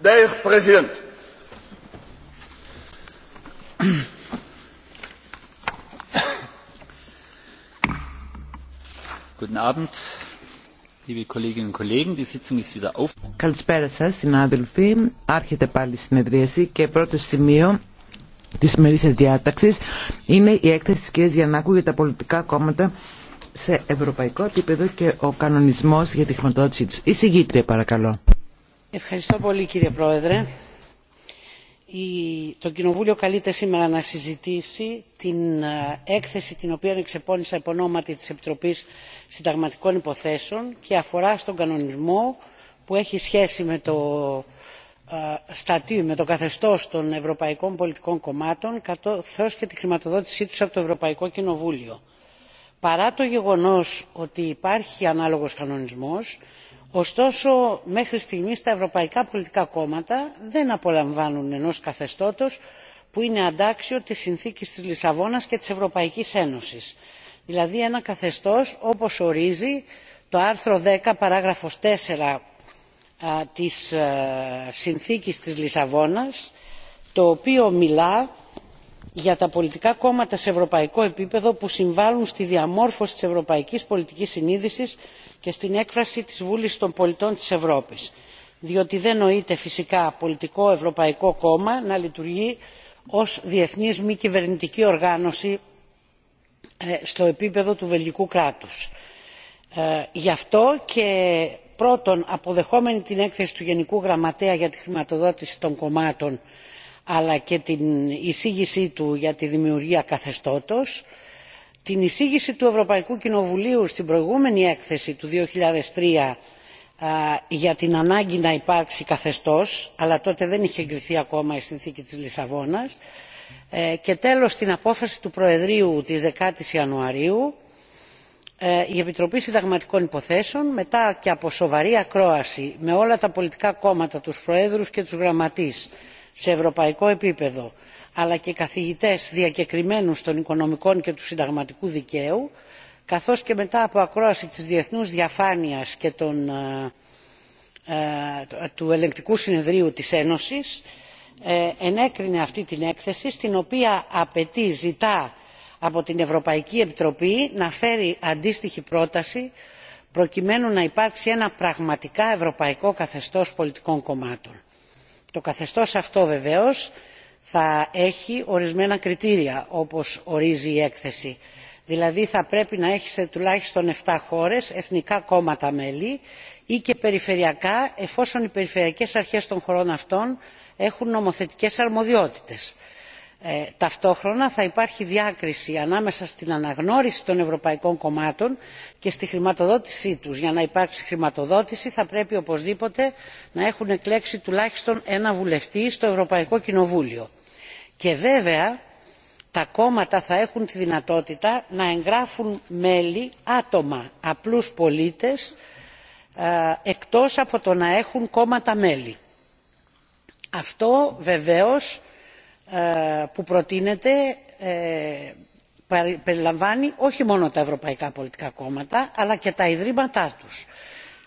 Dear President, Guten Abend, Καλησπέρα σας, συνάδελφοι. Άρχεται πάλι η συνεδρίαση και πρώτο σημείο της σημερινής διάταξης είναι η έκθεση της κυρίας Γιαννάκου για τα πολιτικά κόμματα σε ευρωπαϊκό επίπεδο και ο κανονισμός για τη χρηματοδότησή τους. Η συγγήτρια παρακαλώ. Ευχαριστώ πολύ κύριε Πρόεδρε. Το Κοινοβούλιο καλείται σήμερα να συζητήσει την ε, έκθεση την οποία εξεπώνησα υπ' ονόματι της Επιτροπής Συνταγματικών Υποθέσεων και αφορά στον κανονισμό που έχει σχέση με το ε, στατυ με το καθεστώς των ευρωπαϊκών πολιτικών κομμάτων καθώς και τη χρηματοδότησή τους από το Ευρωπαϊκό Κοινοβούλιο. Παρά το γεγονός ότι υπάρχει ανάλογος κανονισμός, ωστόσο μέχρι στιγμής τα ευρωπαϊκά πολιτικά κόμματα δεν απολαμβάνουν ενός καθεστώτος που είναι αντάξιο της συνθήκης της λισαβόνας και της ευρωπαϊκής ένωσης δηλαδή ένα καθεστώς όπως ορίζει το άρθρο 10 παράγραφος 4 της ε, συνθήκης της λισαβόνας το οποίο μιλά για τα πολιτικά κόμματα σε ευρωπαϊκό επίπεδο που συμβάλλουν στη διαμόρφωση της ευρωπαϊκής πολιτικής συνείδησης και στην έκφραση της βούλησης των πολιτών της ευρώπης διότι δεν νοείται φυσικά πολιτικό ευρωπαϊκό κόμμα να λειτουργεί ως διεθνής μη κυβερνητική οργάνωση ε, στο επίπεδο του βελγικού κράτους. Ε, γι' αυτό και πρώτον αποδεχόμενη την έκθεση του γενικού γραμματέα για τη χρηματοδότηση των κομμάτων αλλά και την εισήγησή του για τη δημιουργία καθεστώτος την εισήγηση του ευρωπαϊκού κοινοβουλίου στην προηγούμενη έκθεση του 2003 για την ανάγκη να υπάρξει καθεστώς αλλά τότε δεν είχε εγκριθεί ακόμα η συνθήκη της λισαβόνας ε, και τέλος την απόφαση του προεδρείου της 10 η Ιανουαρίου ε, η επιτροπή συνταγματικών υποθέσεων μετά και από σοβαρή ακρόαση με όλα τα πολιτικά κόμματα τους προέδρους και τους γραμματείς σε ευρωπαϊκό επίπεδο αλλά και καθηγητές διακεκριμένους των οικονομικών και του συνταγματικού δικαίου καθώς και μετά από ακρόαση της διεθνούς διαφάνειας και ε, ε, του ελεγκτικού συνεδρίου της ένωσης ενέκρινε αυτή την έκθεση στην οποία απαιτεί ζητά από την ευρωπαϊκή επιτροπή να φέρει αντίστοιχη πρόταση προκειμένου να υπάρξει ένα πραγματικά ευρωπαϊκό καθεστώς πολιτικών κομμάτων. το καθεστώς αυτό βεβαίως θα έχει ορισμένα κριτήρια όπως ορίζει η έκθεση δηλαδή θα πρέπει να έχει σε τουλάχιστον 7 χώρες εθνικά κόμματα μέλη ή και περιφερειακά εφόσον οι περιφερειακές αρχές των χωρών αυτών έχουν νομοθετικές αρμοδιότητες. Ε, ταυτόχρονα θα υπάρχει διάκριση ανάμεσα στην αναγνώριση των ευρωπαϊκών κομμάτων και στη χρηματοδότησή τους. για να υπάρξει χρηματοδότηση θα πρέπει οπωσδήποτε να έχουν εκλέξει τουλάχιστον ένα βουλευτή στο ευρωπαϊκό κοινοβούλιο και βέβαια τα κόμματα θα έχουν τη δυνατότητα να εγγράφουν μέλη άτομα απλούς πολίτες ε, εκτός από το να έχουν κόμματα μέλη. αυτό βεβαίως ε, που προτείνεται ε, περιλαμβάνει όχι μόνο τα ευρωπαϊκά πολιτικά κόμματα αλλά και τα ιδρύματά τους.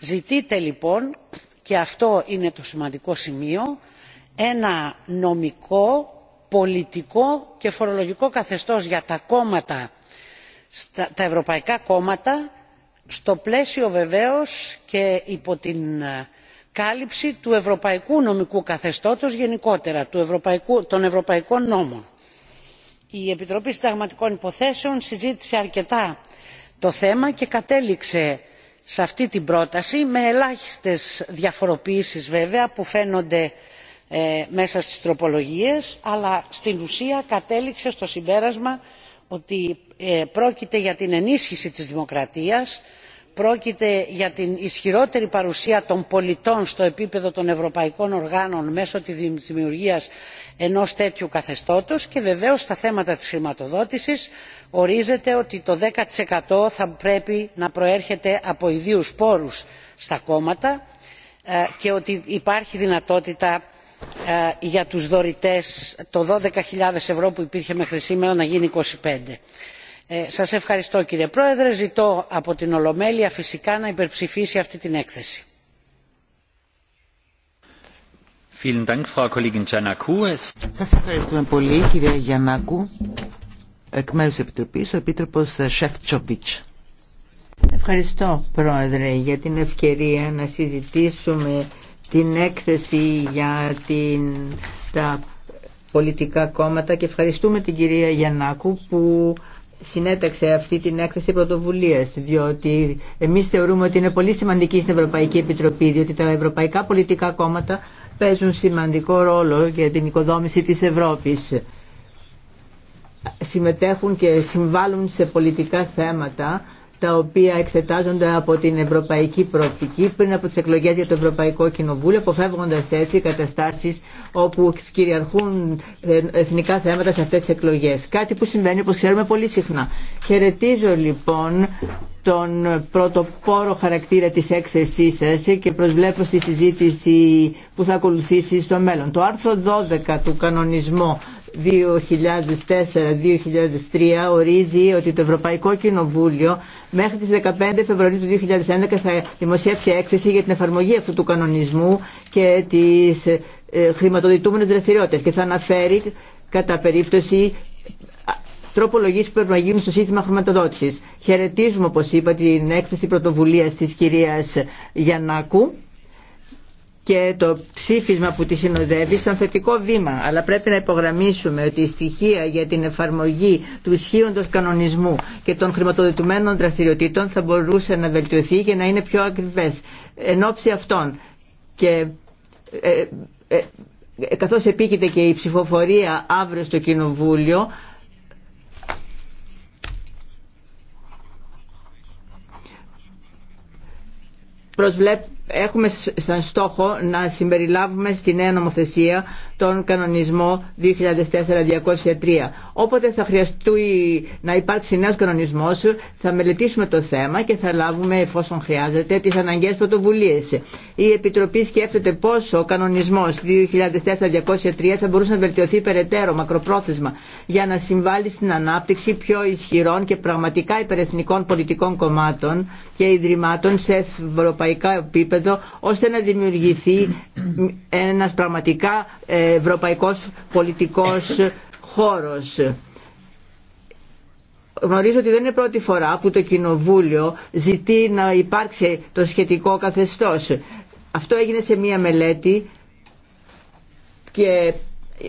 ζητείται λοιπόν και αυτό είναι το σημαντικό σημείο ένα νομικό πολιτικό και φορολογικό καθεστώς για τα κόμματα τα ευρωπαϊκά κόμματα στο πλαίσιο βεβαίως και υπό την ε, κάλυψη του ευρωπαϊκού νομικού καθεστώτος γενικότερα των ευρωπαϊκών νόμων. η επιτροπή συνταγματικών υποθέσεων συζήτησε αρκετά το θέμα και κατέληξε σε αυτή την πρόταση με ελάχιστες διαφοροποιήσεις βέβαια που φαίνονται ε, μέσα στις τροπολογίες αλλά στην ουσία κατέληξε στο συμπέρασμα ότι ε, πρόκειται για την ενίσχυση της δημοκρατίας πρόκειται για την ισχυρότερη παρουσία των πολιτών στο επίπεδο των ευρωπαϊκών οργάνων μέσω της δημιουργίας ενός τέτοιου καθεστώτος και βεβαίως στα θέματα της χρηματοδότησης ορίζεται ότι το 10% θα πρέπει να προέρχεται από ιδίους πόρους στα κόμματα ε, και ότι υπάρχει δυνατότητα ε, για τους δωρητές το 12.000 ευρώ που υπήρχε μέχρι σήμερα να γίνει 25.000. Ε, σας ευχαριστώ κύριε πρόεδρε ζητώ από την ολομέλεια φυσικά να υπερψηφίσει αυτή την έκθεση. Σας ευχαριστούμε πολύ κυρία Γιαννάκου. Εκ μέρους της Επιτροπής, ο Επίτροπος ε, Σεφτσοβίτς. Ευχαριστώ Πρόεδρε για την ευκαιρία να συζητήσουμε την έκθεση για την, τα πολιτικά κόμματα και ευχαριστούμε την κυρία Γιαννάκου που συνέταξε αυτή την έκθεση πρωτοβουλία, διότι εμείς θεωρούμε ότι είναι πολύ σημαντική στην Ευρωπαϊκή Επιτροπή διότι τα ευρωπαϊκά πολιτικά κόμματα παίζουν σημαντικό ρόλο για την οικοδόμηση της Ευρώπης συμμετέχουν και συμβάλλουν σε πολιτικά θέματα τα οποία εξετάζονται από την ευρωπαϊκή προοπτική πριν από τις εκλογές για το Ευρωπαϊκό Κοινοβούλιο, αποφεύγοντας έτσι καταστάσεις όπου κυριαρχούν ε, εθνικά θέματα σε αυτές τις εκλογές. Κάτι που συμβαίνει, όπως ξέρουμε, πολύ συχνά. Χαιρετίζω λοιπόν τον πρωτοπόρο χαρακτήρα της έκθεσής σας και προσβλέπω στη συζήτηση που θα ακολουθήσει στο μέλλον. Το άρθρο 12 του κανονισμού 2004-2003 ορίζει ότι το Ευρωπαϊκό Κοινοβούλιο μέχρι τις 15 Φεβρουαρίου του 2011 θα δημοσιεύσει έκθεση για την εφαρμογή αυτού του κανονισμού και τις ε, χρηματοδοτούμενες δραστηριότητες και θα αναφέρει κατά περίπτωση τροπολογίε που πρέπει να γίνουν στο σύστημα χρηματοδότηση. Χαιρετίζουμε, όπω είπα, την έκθεση πρωτοβουλία τη κυρία Γιαννάκου και το ψήφισμα που τη συνοδεύει σαν θετικό βήμα. Αλλά πρέπει να υπογραμμίσουμε ότι η στοιχεία για την εφαρμογή του ισχύοντος κανονισμού και των χρηματοδοτημένων δραστηριοτήτων θα μπορούσε να βελτιωθεί και να είναι πιο ακριβές. Εν ώψη αυτών και ε, ε, ε καθώς επίκειται και η ψηφοφορία αύριο στο Κοινοβούλιο προσβλέπ, έχουμε σαν στόχο να συμπεριλάβουμε στη νέα νομοθεσία τον κανονισμό 2004-203. Όποτε θα χρειαστεί να υπάρξει νέος κανονισμός θα μελετήσουμε το θέμα και θα λάβουμε εφόσον χρειάζεται τις αναγκαίες πρωτοβουλίε. Η Επιτροπή σκέφτεται πόσο ο κανονισμός 2004-203 θα μπορούσε να βελτιωθεί περαιτέρω μακροπρόθεσμα για να συμβάλλει στην ανάπτυξη πιο ισχυρών και πραγματικά υπερεθνικών πολιτικών κομμάτων και ιδρυμάτων σε ευρωπαϊκά επίπεδο ώστε να δημιουργηθεί ένα πραγματικά ε, ευρωπαϊκός πολιτικός χώρος. Γνωρίζω ότι δεν είναι πρώτη φορά που το Κοινοβούλιο ζητεί να υπάρξει το σχετικό καθεστώς. Αυτό έγινε σε μία μελέτη και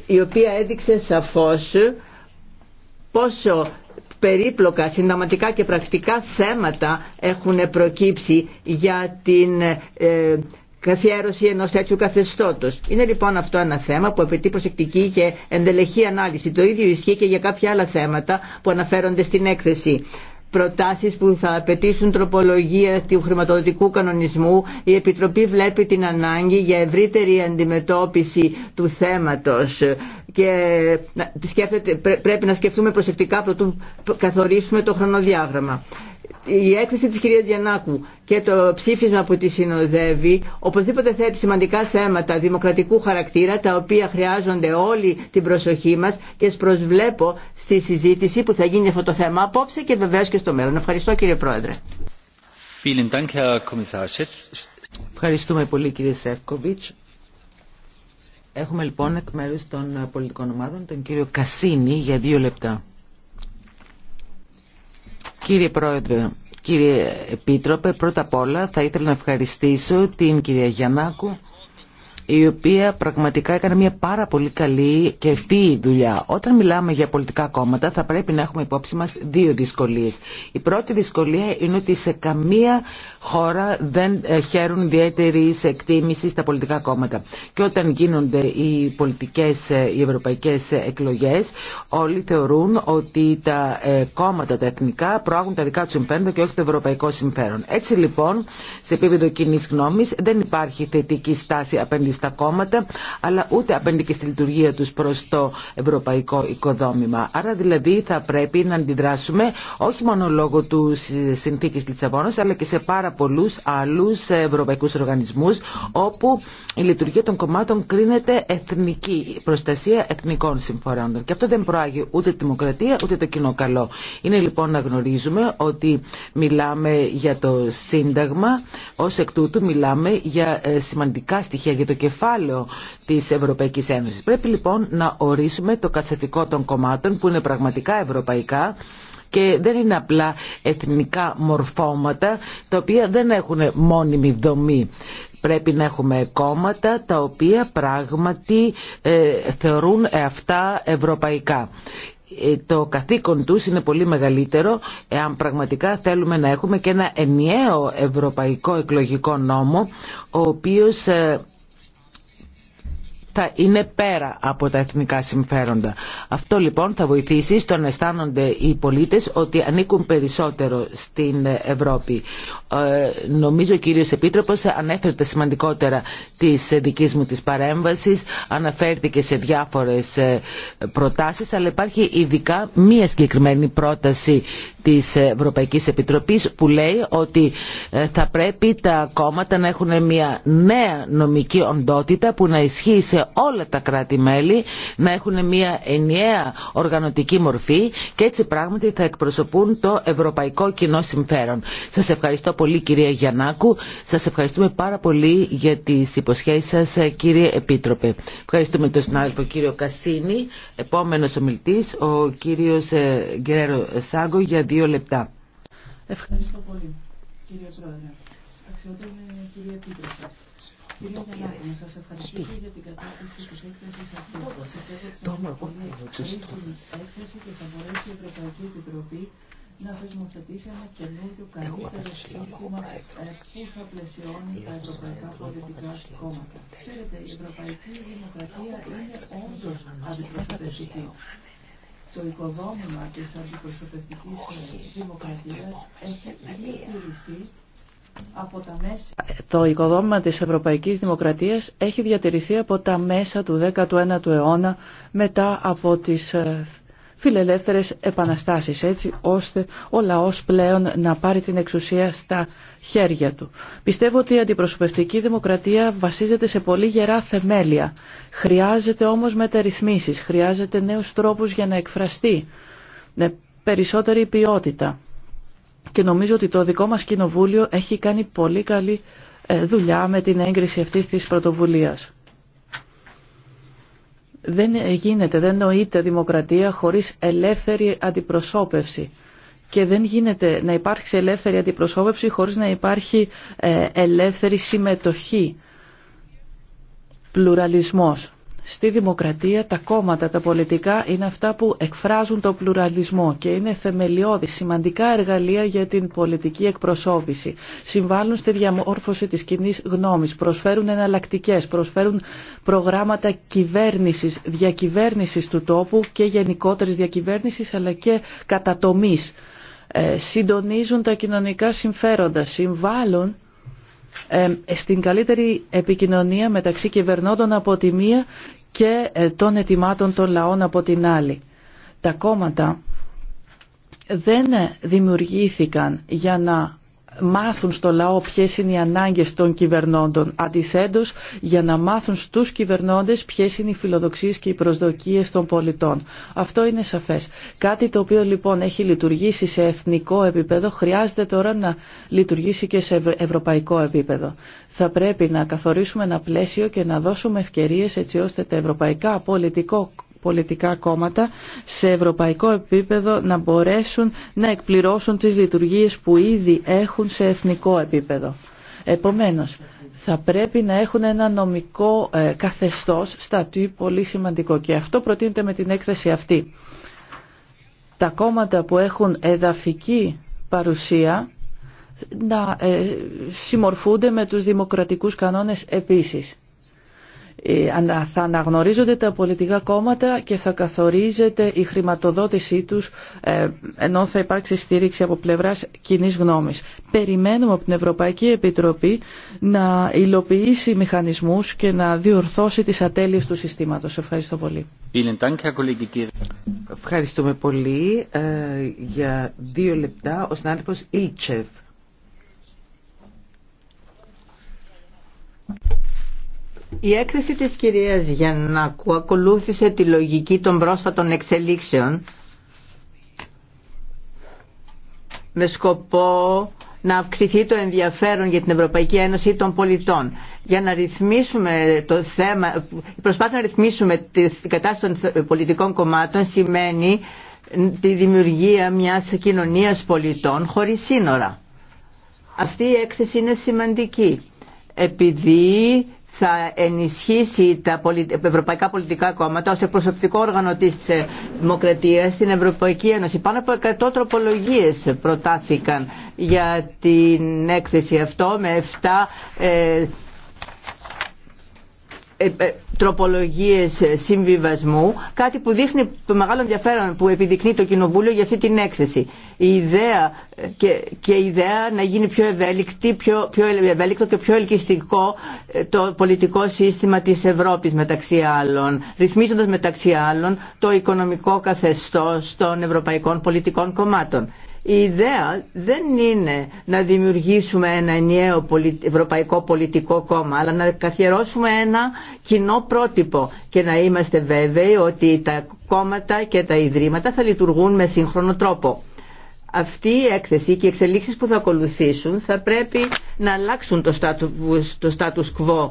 η οποία έδειξε σαφώς πόσο περίπλοκα συνταματικά και πρακτικά θέματα έχουν προκύψει για την ε, καθιέρωση ενός τέτοιου καθεστώτος. Είναι λοιπόν αυτό ένα θέμα που απαιτεί προσεκτική και ενδελεχή ανάλυση. Το ίδιο ισχύει και για κάποια άλλα θέματα που αναφέρονται στην έκθεση προτάσεις που θα απαιτήσουν τροπολογία του χρηματοδοτικού κανονισμού, η Επιτροπή βλέπει την ανάγκη για ευρύτερη αντιμετώπιση του θέματος και πρέπει να σκεφτούμε προσεκτικά προτού καθορίσουμε το χρονοδιάγραμμα η έκθεση της κυρίας Διανάκου και το ψήφισμα που τη συνοδεύει οπωσδήποτε θέτει σημαντικά θέματα δημοκρατικού χαρακτήρα τα οποία χρειάζονται όλη την προσοχή μας και προσβλέπω στη συζήτηση που θα γίνει αυτό το θέμα απόψε και βεβαίως και στο μέλλον. Ευχαριστώ κύριε Πρόεδρε. Ευχαριστούμε πολύ κύριε Σεύκοβιτς. Έχουμε λοιπόν εκ μέρους των πολιτικών ομάδων τον κύριο Κασίνη για δύο λεπτά. Κύριε Πρόεδρε, κύριε Επίτροπε, πρώτα απ' όλα θα ήθελα να ευχαριστήσω την κυρία Γιαννάκου η οποία πραγματικά έκανε μια πάρα πολύ καλή και ευφύη δουλειά. Όταν μιλάμε για πολιτικά κόμματα θα πρέπει να έχουμε υπόψη μας δύο δυσκολίες. Η πρώτη δυσκολία είναι ότι σε καμία χώρα δεν ε, χαίρουν ιδιαίτερη εκτίμηση στα πολιτικά κόμματα. Και όταν γίνονται οι πολιτικές, ε, οι ευρωπαϊκές ε, εκλογές, όλοι θεωρούν ότι τα κόμματα τα εθνικά προάγουν τα δικά του συμφέροντα και όχι το ευρωπαϊκό συμφέρον. Έτσι λοιπόν, σε επίπεδο κοινή γνώμη δεν υπάρχει θετική στάση απέναντι στα κόμματα, αλλά ούτε απέναντι και στη λειτουργία τους προς το ευρωπαϊκό οικοδόμημα. Άρα δηλαδή θα πρέπει να αντιδράσουμε όχι μόνο λόγω του συνθήκης Λιτσαβόνας αλλά και σε πάρα πολλούς άλλους ευρωπαϊκούς οργανισμούς, όπου η λειτουργία των κομμάτων κρίνεται εθνική, προστασία εθνικών συμφορών. Και αυτό δεν προάγει ούτε τη δημοκρατία, ούτε το κοινό καλό. Είναι λοιπόν να γνωρίζουμε ότι μιλάμε για το Σύνταγμα, ως εκ τούτου μιλάμε για ε, σημαντικά στοιχεία για το κεφάλαιο της Ευρωπαϊκής Ένωσης. Πρέπει λοιπόν να ορίσουμε το κατσατικό των κομμάτων που είναι πραγματικά ευρωπαϊκά και δεν είναι απλά εθνικά μορφώματα τα οποία δεν έχουν μόνιμη δομή. Πρέπει να έχουμε κόμματα τα οποία πράγματι ε, θεωρούν αυτά ευρωπαϊκά ε, το καθήκον τους είναι πολύ μεγαλύτερο εάν πραγματικά θέλουμε να έχουμε και ένα ενιαίο ευρωπαϊκό εκλογικό νόμο ο οποίος ε, θα είναι πέρα από τα εθνικά συμφέροντα. Αυτό λοιπόν θα βοηθήσει στο να αισθάνονται οι πολίτες ότι ανήκουν περισσότερο στην Ευρώπη. Ε, νομίζω ο κύριος Επίτροπος ανέφερε σημαντικότερα της δικής μου της παρέμβασης, αναφέρθηκε σε διάφορες ε, προτάσεις, αλλά υπάρχει ειδικά μία συγκεκριμένη πρόταση της Ευρωπαϊκής Επιτροπής που λέει ότι ε, θα πρέπει τα κόμματα να έχουν μια νέα νομική οντότητα που να ισχύει σε όλα τα κράτη-μέλη, να έχουν μια ενιαία οργανωτική μορφή και έτσι πράγματι θα εκπροσωπούν το ευρωπαϊκό κοινό συμφέρον. Σας ευχαριστώ πολύ κυρία Γιαννάκου, σας ευχαριστούμε πάρα πολύ για τις υποσχέσεις σας ε, κύριε Επίτροπε. Ευχαριστούμε τον συνάδελφο κύριο Κασίνη, επόμενος ομιλητής ο κύριος ε, Σάγκο δύο λεπτά. Ευχαριστώ πολύ, κύριε Πρόεδρε. Αξιότιμη κυρία Επίτροπε. Κύριε Γιαννάκη, να σας ευχαριστήσω για την κατάσταση που έχετε σε Πιστεύω ότι θα είναι πολύ και θα μπορέσει η Ευρωπαϊκή Επιτροπή να θεσμοθετήσει ένα καινούριο καλύτερο σύστημα που θα πλαισιώνει τα ευρωπαϊκά πολιτικά κόμματα. Ξέρετε, η ευρωπαϊκή δημοκρατία είναι όντως αντιπροσωπευτική το οικοδόμημα της αντιπροσωπευτική ε, δημοκρατίας έχει διατηρηθεί από τα μέσα... Ε, το οικοδόμημα της Ευρωπαϊκής Δημοκρατίας έχει διατηρηθεί από τα μέσα του 19ου αιώνα μετά από τις ε, φιλελεύθερες επαναστάσεις έτσι ώστε ο λαός πλέον να πάρει την εξουσία στα χέρια του. Πιστεύω ότι η αντιπροσωπευτική δημοκρατία βασίζεται σε πολύ γερά θεμέλια. Χρειάζεται όμως μεταρρυθμίσεις, χρειάζεται νέους τρόπους για να εκφραστεί, με περισσότερη ποιότητα. Και νομίζω ότι το δικό μας κοινοβούλιο έχει κάνει πολύ καλή ε, δουλειά με την έγκριση αυτής της πρωτοβουλίας. Δεν γίνεται, δεν νοείται δημοκρατία χωρίς ελεύθερη αντιπροσώπευση και δεν γίνεται να υπάρχει ελεύθερη αντιπροσώπευση χωρίς να υπάρχει ε, ελεύθερη συμμετοχή, πλουραλισμός στη δημοκρατία τα κόμματα, τα πολιτικά είναι αυτά που εκφράζουν το πλουραλισμό και είναι θεμελιώδη σημαντικά εργαλεία για την πολιτική εκπροσώπηση. Συμβάλλουν στη διαμόρφωση της κοινή γνώμης, προσφέρουν εναλλακτικέ, προσφέρουν προγράμματα κυβέρνησης, διακυβέρνησης του τόπου και γενικότερης διακυβέρνησης αλλά και κατατομής. Ε, συντονίζουν τα κοινωνικά συμφέροντα, συμβάλλουν ε, στην καλύτερη επικοινωνία μεταξύ κυβερνώντων από τη μία και ε, των ετοιμάτων των λαών από την άλλη. Τα κόμματα δεν ε, δημιουργήθηκαν για να μάθουν στο λαό ποιες είναι οι ανάγκες των κυβερνώντων. Αντιθέτω, για να μάθουν στους κυβερνώντες ποιες είναι οι φιλοδοξίες και οι προσδοκίες των πολιτών. Αυτό είναι σαφές. Κάτι το οποίο λοιπόν έχει λειτουργήσει σε εθνικό επίπεδο, χρειάζεται τώρα να λειτουργήσει και σε ευρωπαϊκό επίπεδο. Θα πρέπει να καθορίσουμε ένα πλαίσιο και να δώσουμε ευκαιρίες έτσι ώστε τα ευρωπαϊκά πολιτικό πολιτικά κόμματα σε ευρωπαϊκό επίπεδο να μπορέσουν να εκπληρώσουν τις λειτουργίες που ήδη έχουν σε εθνικό επίπεδο. Επομένως, θα πρέπει να έχουν ένα νομικό ε, καθεστώς στατή πολύ σημαντικό και αυτό προτείνεται με την έκθεση αυτή. Τα κόμματα που έχουν εδαφική παρουσία να ε, συμμορφούνται με τους δημοκρατικούς κανόνες επίσης. Ε, θα αναγνωρίζονται τα πολιτικά κόμματα και θα καθορίζεται η χρηματοδότησή τους ε, ενώ θα υπάρξει στήριξη από πλευράς κοινή γνώμης. Περιμένουμε από την Ευρωπαϊκή Επιτροπή να υλοποιήσει μηχανισμούς και να διορθώσει τις ατέλειες του συστήματος. Ευχαριστώ πολύ. Ευχαριστούμε πολύ. Ε, για δύο λεπτά ο η έκθεση της κυρίας Γιαννάκου ακολούθησε τη λογική των πρόσφατων εξελίξεων με σκοπό να αυξηθεί το ενδιαφέρον για την Ευρωπαϊκή Ένωση των πολιτών. Για να ρυθμίσουμε το θέμα, η προσπάθεια να ρυθμίσουμε την κατάσταση των πολιτικών κομμάτων σημαίνει τη δημιουργία μιας κοινωνίας πολιτών χωρίς σύνορα. Αυτή η έκθεση είναι σημαντική επειδή θα ενισχύσει τα ευρωπαϊκά πολιτικά κόμματα ως προσωπικό όργανο της ε, Δημοκρατίας στην Ευρωπαϊκή Ένωση. Πάνω από 100 τροπολογίες προτάθηκαν για την έκθεση αυτό με 7 ε, ε, τροπολογίες ε, συμβιβασμού, κάτι που δείχνει το μεγάλο ενδιαφέρον που επιδεικνύει το Κοινοβούλιο για αυτή την έκθεση. Η ιδέα και, και η ιδέα να γίνει πιο, ευέλικτη, πιο, πιο ευέλικτο και πιο ελκυστικό το πολιτικό σύστημα της Ευρώπης μεταξύ άλλων, ρυθμίζοντας μεταξύ άλλων το οικονομικό καθεστώς των ευρωπαϊκών πολιτικών κομμάτων. Η ιδέα δεν είναι να δημιουργήσουμε ένα ενιαίο ευρωπαϊκό πολιτικό κόμμα, αλλά να καθιερώσουμε ένα κοινό πρότυπο και να είμαστε βέβαιοι ότι τα κόμματα και τα ιδρύματα θα λειτουργούν με σύγχρονο τρόπο. Αυτή η έκθεση και οι εξελίξεις που θα ακολουθήσουν θα πρέπει να αλλάξουν το status, το quo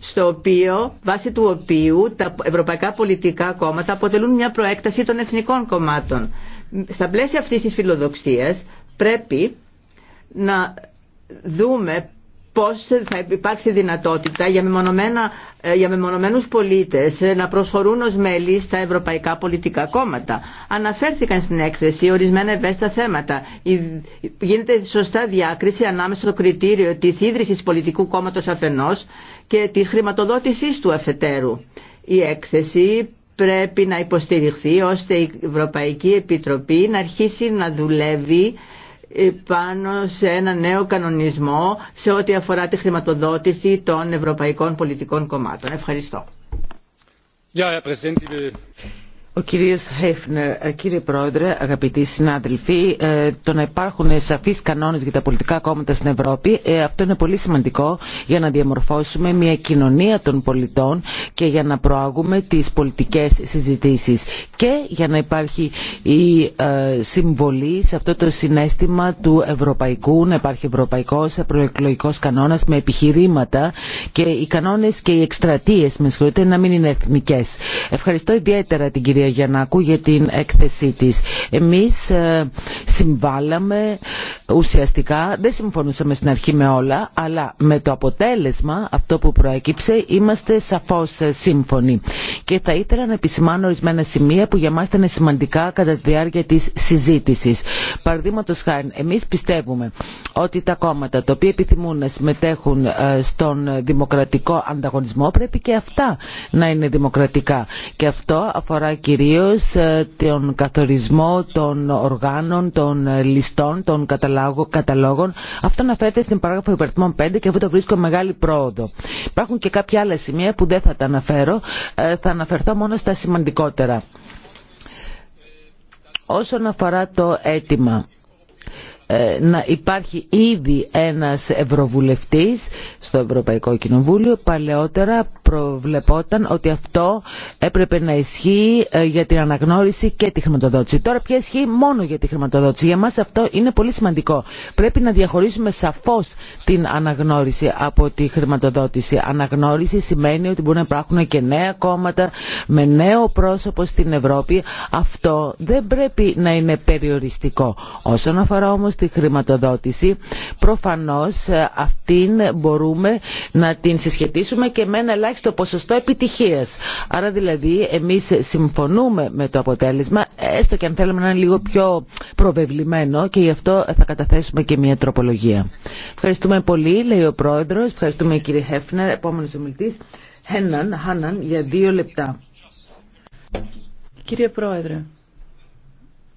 στο οποίο, βάσει του οποίου τα ευρωπαϊκά πολιτικά κόμματα αποτελούν μια προέκταση των εθνικών κομμάτων. Στα πλαίσια αυτής της φιλοδοξίας πρέπει να δούμε πώς θα υπάρξει δυνατότητα για, μεμονωμένα, ε, για μεμονωμένους πολίτες ε, να προσφορούν ως μέλη στα ευρωπαϊκά πολιτικά κόμματα. Αναφέρθηκαν στην έκθεση ορισμένα ευαίσθητα θέματα. Γίνεται σωστά διάκριση ανάμεσα στο κριτήριο της ίδρυσης πολιτικού κόμματος αφενός και της χρηματοδότησής του αφετέρου. Η έκθεση πρέπει να υποστηριχθεί ώστε η Ευρωπαϊκή Επιτροπή να αρχίσει να δουλεύει πάνω σε ένα νέο κανονισμό σε ό,τι αφορά τη χρηματοδότηση των ευρωπαϊκών πολιτικών κομμάτων. Ευχαριστώ. Ο κύριος Χέφνερ, ε, κύριε Πρόεδρε, αγαπητοί συνάδελφοι, ε, το να υπάρχουν σαφείς κανόνες για τα πολιτικά κόμματα στην Ευρώπη, ε, αυτό είναι πολύ σημαντικό για να διαμορφώσουμε μια κοινωνία των πολιτών και για να προάγουμε τις πολιτικές συζητήσεις και για να υπάρχει η συμβολή σε αυτό το συνέστημα του ευρωπαϊκού, να υπάρχει ευρωπαϊκός προεκλογικός κανόνας με επιχειρήματα και οι κανόνες και οι εκστρατείες, με συγχωρείτε, να μην είναι εθνικές. Ευχαριστώ ιδιαίτερα την κυρία για να ακούγεται την έκθεσή της. Εμείς ε, συμβάλαμε ουσιαστικά, δεν συμφωνούσαμε στην αρχή με όλα, αλλά με το αποτέλεσμα αυτό που προέκυψε είμαστε σαφώς ε, σύμφωνοι. Και θα ήθελα να επισημάνω ορισμένα σημεία που για μας ήταν σημαντικά κατά τη διάρκεια της συζήτησης. Παραδείγματος χάρη, εμείς πιστεύουμε ότι τα κόμματα τα οποία επιθυμούν να συμμετέχουν ε, στον δημοκρατικό ανταγωνισμό πρέπει και αυτά να είναι δημοκρατικά. Και αυτό αφορά και κυρίως ε, τον καθορισμό των οργάνων, των ε, ληστών, των καταλόγων. Αυτό αναφέρεται στην παράγραφο υπερτιμών 5 και αυτό το βρίσκω μεγάλη πρόοδο. Υπάρχουν και κάποια άλλα σημεία που δεν θα τα αναφέρω, ε, θα αναφερθώ μόνο στα σημαντικότερα. Όσον αφορά το αίτημα ε, να υπάρχει ήδη ένας ευρωβουλευτής στο Ευρωπαϊκό Κοινοβούλιο. Παλαιότερα προβλεπόταν ότι αυτό έπρεπε να ισχύει ε, για την αναγνώριση και τη χρηματοδότηση. Τώρα πια ισχύει μόνο για τη χρηματοδότηση. Για μας αυτό είναι πολύ σημαντικό. Πρέπει να διαχωρίσουμε σαφώς την αναγνώριση από τη χρηματοδότηση. Αναγνώριση σημαίνει ότι μπορούν να υπάρχουν και νέα κόμματα με νέο πρόσωπο στην Ευρώπη. Αυτό δεν πρέπει να είναι περιοριστικό. Όσον αφορά όμως τη χρηματοδότηση, προφανώς ε, αυτήν μπορούμε να την συσχετίσουμε και με ένα ελάχιστο ποσοστό επιτυχίας. Άρα δηλαδή εμείς συμφωνούμε με το αποτέλεσμα, έστω και αν θέλουμε να είναι λίγο πιο προβεβλημένο και γι' αυτό θα καταθέσουμε και μια τροπολογία. Ευχαριστούμε πολύ, λέει ο Πρόεδρος. Ευχαριστούμε κύριε Χέφνερ, επόμενος ομιλητής. Χέναν, Χάναν, για δύο λεπτά. Κύριε Πρόεδρε,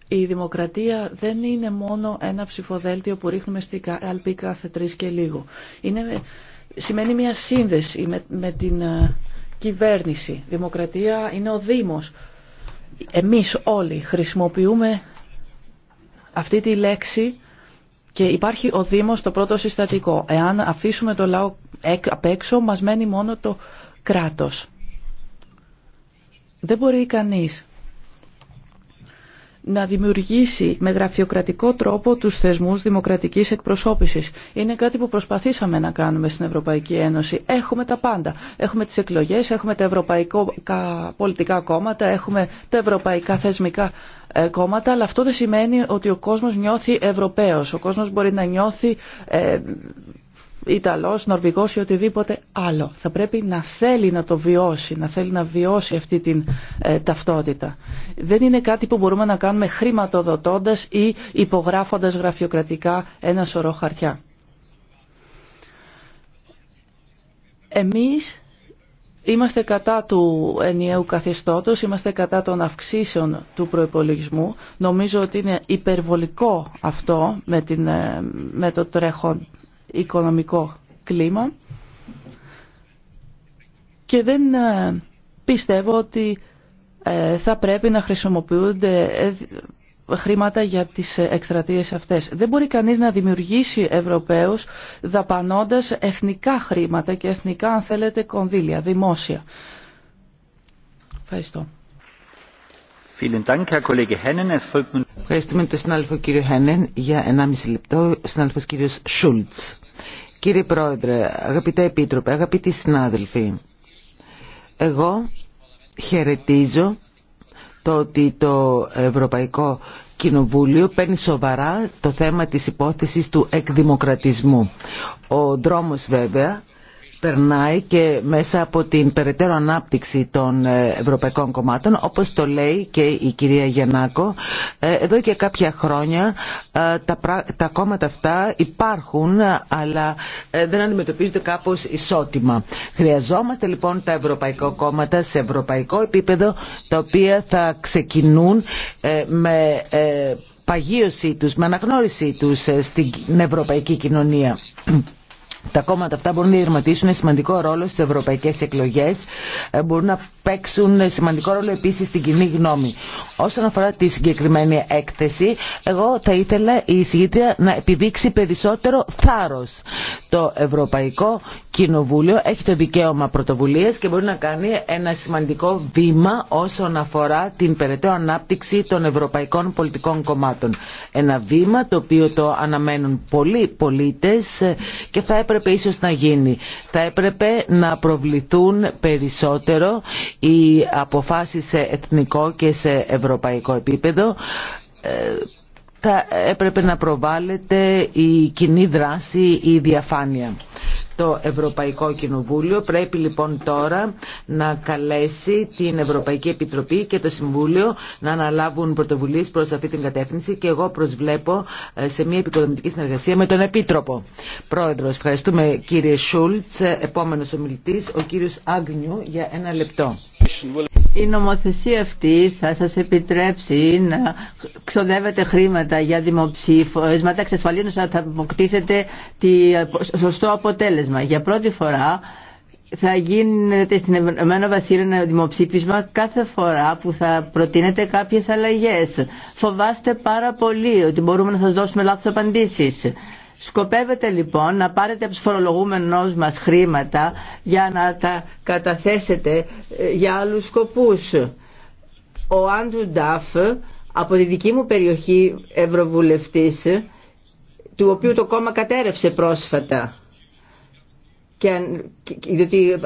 η δημοκρατία δεν είναι μόνο ένα ψηφοδέλτιο που ρίχνουμε στην κάλπη κάθε τρεις και λίγο. Είναι, σημαίνει μια σύνδεση με, με την ε, κυβέρνηση. Δημοκρατία είναι ο Δήμος. Εμείς όλοι χρησιμοποιούμε αυτή τη λέξη και υπάρχει ο Δήμος το πρώτο συστατικό. Εάν αφήσουμε το λαό απ' έξω, μας μένει μόνο το κράτος. Δεν μπορεί κανείς να δημιουργήσει με γραφειοκρατικό τρόπο τους θεσμούς δημοκρατικής εκπροσώπησης. Είναι κάτι που προσπαθήσαμε να κάνουμε στην Ευρωπαϊκή Ένωση. Έχουμε τα πάντα. Έχουμε τις εκλογές, έχουμε τα ευρωπαϊκά πολιτικά κόμματα, έχουμε τα ευρωπαϊκά θεσμικά ε, κόμματα, αλλά αυτό δεν σημαίνει ότι ο κόσμος νιώθει Ευρωπαίος. Ο κόσμος μπορεί να νιώθει ε, Ιταλός, Νορβηγός ή οτιδήποτε άλλο. Θα πρέπει να θέλει να το βιώσει, να θέλει να βιώσει αυτή την ε, ταυτότητα. Δεν είναι κάτι που μπορούμε να κάνουμε χρηματοδοτώντας ή υπογράφοντας γραφειοκρατικά ένα σωρό χαρτιά. Εμείς Είμαστε κατά του ενιαίου καθεστώτος, είμαστε κατά των αυξήσεων του προϋπολογισμού. Νομίζω ότι είναι υπερβολικό αυτό με, την, ε, με το τρέχον οικονομικό κλίμα και δεν ε, πιστεύω ότι ε, θα πρέπει να χρησιμοποιούνται ε, χρήματα για τις εκστρατείες αυτές. Δεν μπορεί κανείς να δημιουργήσει Ευρωπαίους δαπανώντας εθνικά χρήματα και εθνικά, αν θέλετε, κονδύλια, δημόσια. Ευχαριστώ. Ευχαριστούμε τον συνάδελφο κύριο Χένεν για 1,5 λεπτό. Συνάδελφος κύριο Σούλτ. Κύριε Πρόεδρε, αγαπητέ Επίτροπε, αγαπητοί συνάδελφοι, εγώ χαιρετίζω το ότι το Ευρωπαϊκό Κοινοβούλιο παίρνει σοβαρά το θέμα της υπόθεσης του εκδημοκρατισμού. Ο δρόμος βέβαια περνάει και μέσα από την περαιτέρω ανάπτυξη των ε, ευρωπαϊκών κομμάτων, όπως το λέει και η κυρία Γιαννάκο. Ε, εδώ και κάποια χρόνια ε, τα κόμματα αυτά υπάρχουν, αλλά δεν αντιμετωπίζονται κάπως ισότιμα. Χρειαζόμαστε λοιπόν τα ευρωπαϊκά κόμματα σε ευρωπαϊκό επίπεδο, τα οποία θα ξεκινούν με παγίωσή τους, με αναγνώρισή τους στην ευρωπαϊκή κοινωνία τα κόμματα αυτά μπορούν να διερματίσουν σημαντικό ρόλο στις ευρωπαϊκές εκλογές, ε, μπορούν να παίξουν σημαντικό ρόλο επίσης στην κοινή γνώμη. Όσον αφορά τη συγκεκριμένη έκθεση, εγώ θα ήθελα η εισηγήτρια να επιδείξει περισσότερο θάρρος. Το Ευρωπαϊκό Κοινοβούλιο έχει το δικαίωμα πρωτοβουλίας και μπορεί να κάνει ένα σημαντικό βήμα όσον αφορά την περαιτέρω ανάπτυξη των ευρωπαϊκών πολιτικών κομμάτων. Ένα βήμα το οποίο το αναμένουν πολλοί πολίτες και θα έπρεπε ίσως να γίνει. Θα έπρεπε να προβληθούν περισσότερο οι αποφάσεις σε εθνικό και σε ευρωπαϊκό ευρωπαϊκό επίπεδο ε, θα έπρεπε να προβάλλεται η κοινή δράση, η διαφάνεια. Το Ευρωπαϊκό Κοινοβούλιο πρέπει λοιπόν τώρα να καλέσει την Ευρωπαϊκή Επιτροπή και το Συμβούλιο να αναλάβουν πρωτοβουλίες προς αυτή την κατεύθυνση και εγώ προσβλέπω ε, σε μια επικοδομητική συνεργασία με τον Επίτροπο. Πρόεδρος, ευχαριστούμε κύριε Σούλτς. Επόμενος ομιλητής, ο κύριος Άγνιου για ένα λεπτό. Η νομοθεσία αυτή θα σας επιτρέψει να ξοδεύετε χρήματα για τα εξασφαλίζοντας ότι θα αποκτήσετε το σωστό αποτέλεσμα. Για πρώτη φορά θα γίνεται στην Ευρωμένο Βασίλεια ένα δημοψήφισμα κάθε φορά που θα προτείνετε κάποιες αλλαγές. Φοβάστε πάρα πολύ ότι μπορούμε να σας δώσουμε λάθος απαντήσεις. Σκοπεύετε λοιπόν να πάρετε από τους φορολογούμενους μας χρήματα για να τα καταθέσετε ε, για άλλους σκοπούς. Ο Άντρου Νταφ από τη δική μου περιοχή ευρωβουλευτής του οποίου το κόμμα κατέρευσε πρόσφατα και, διότι ε,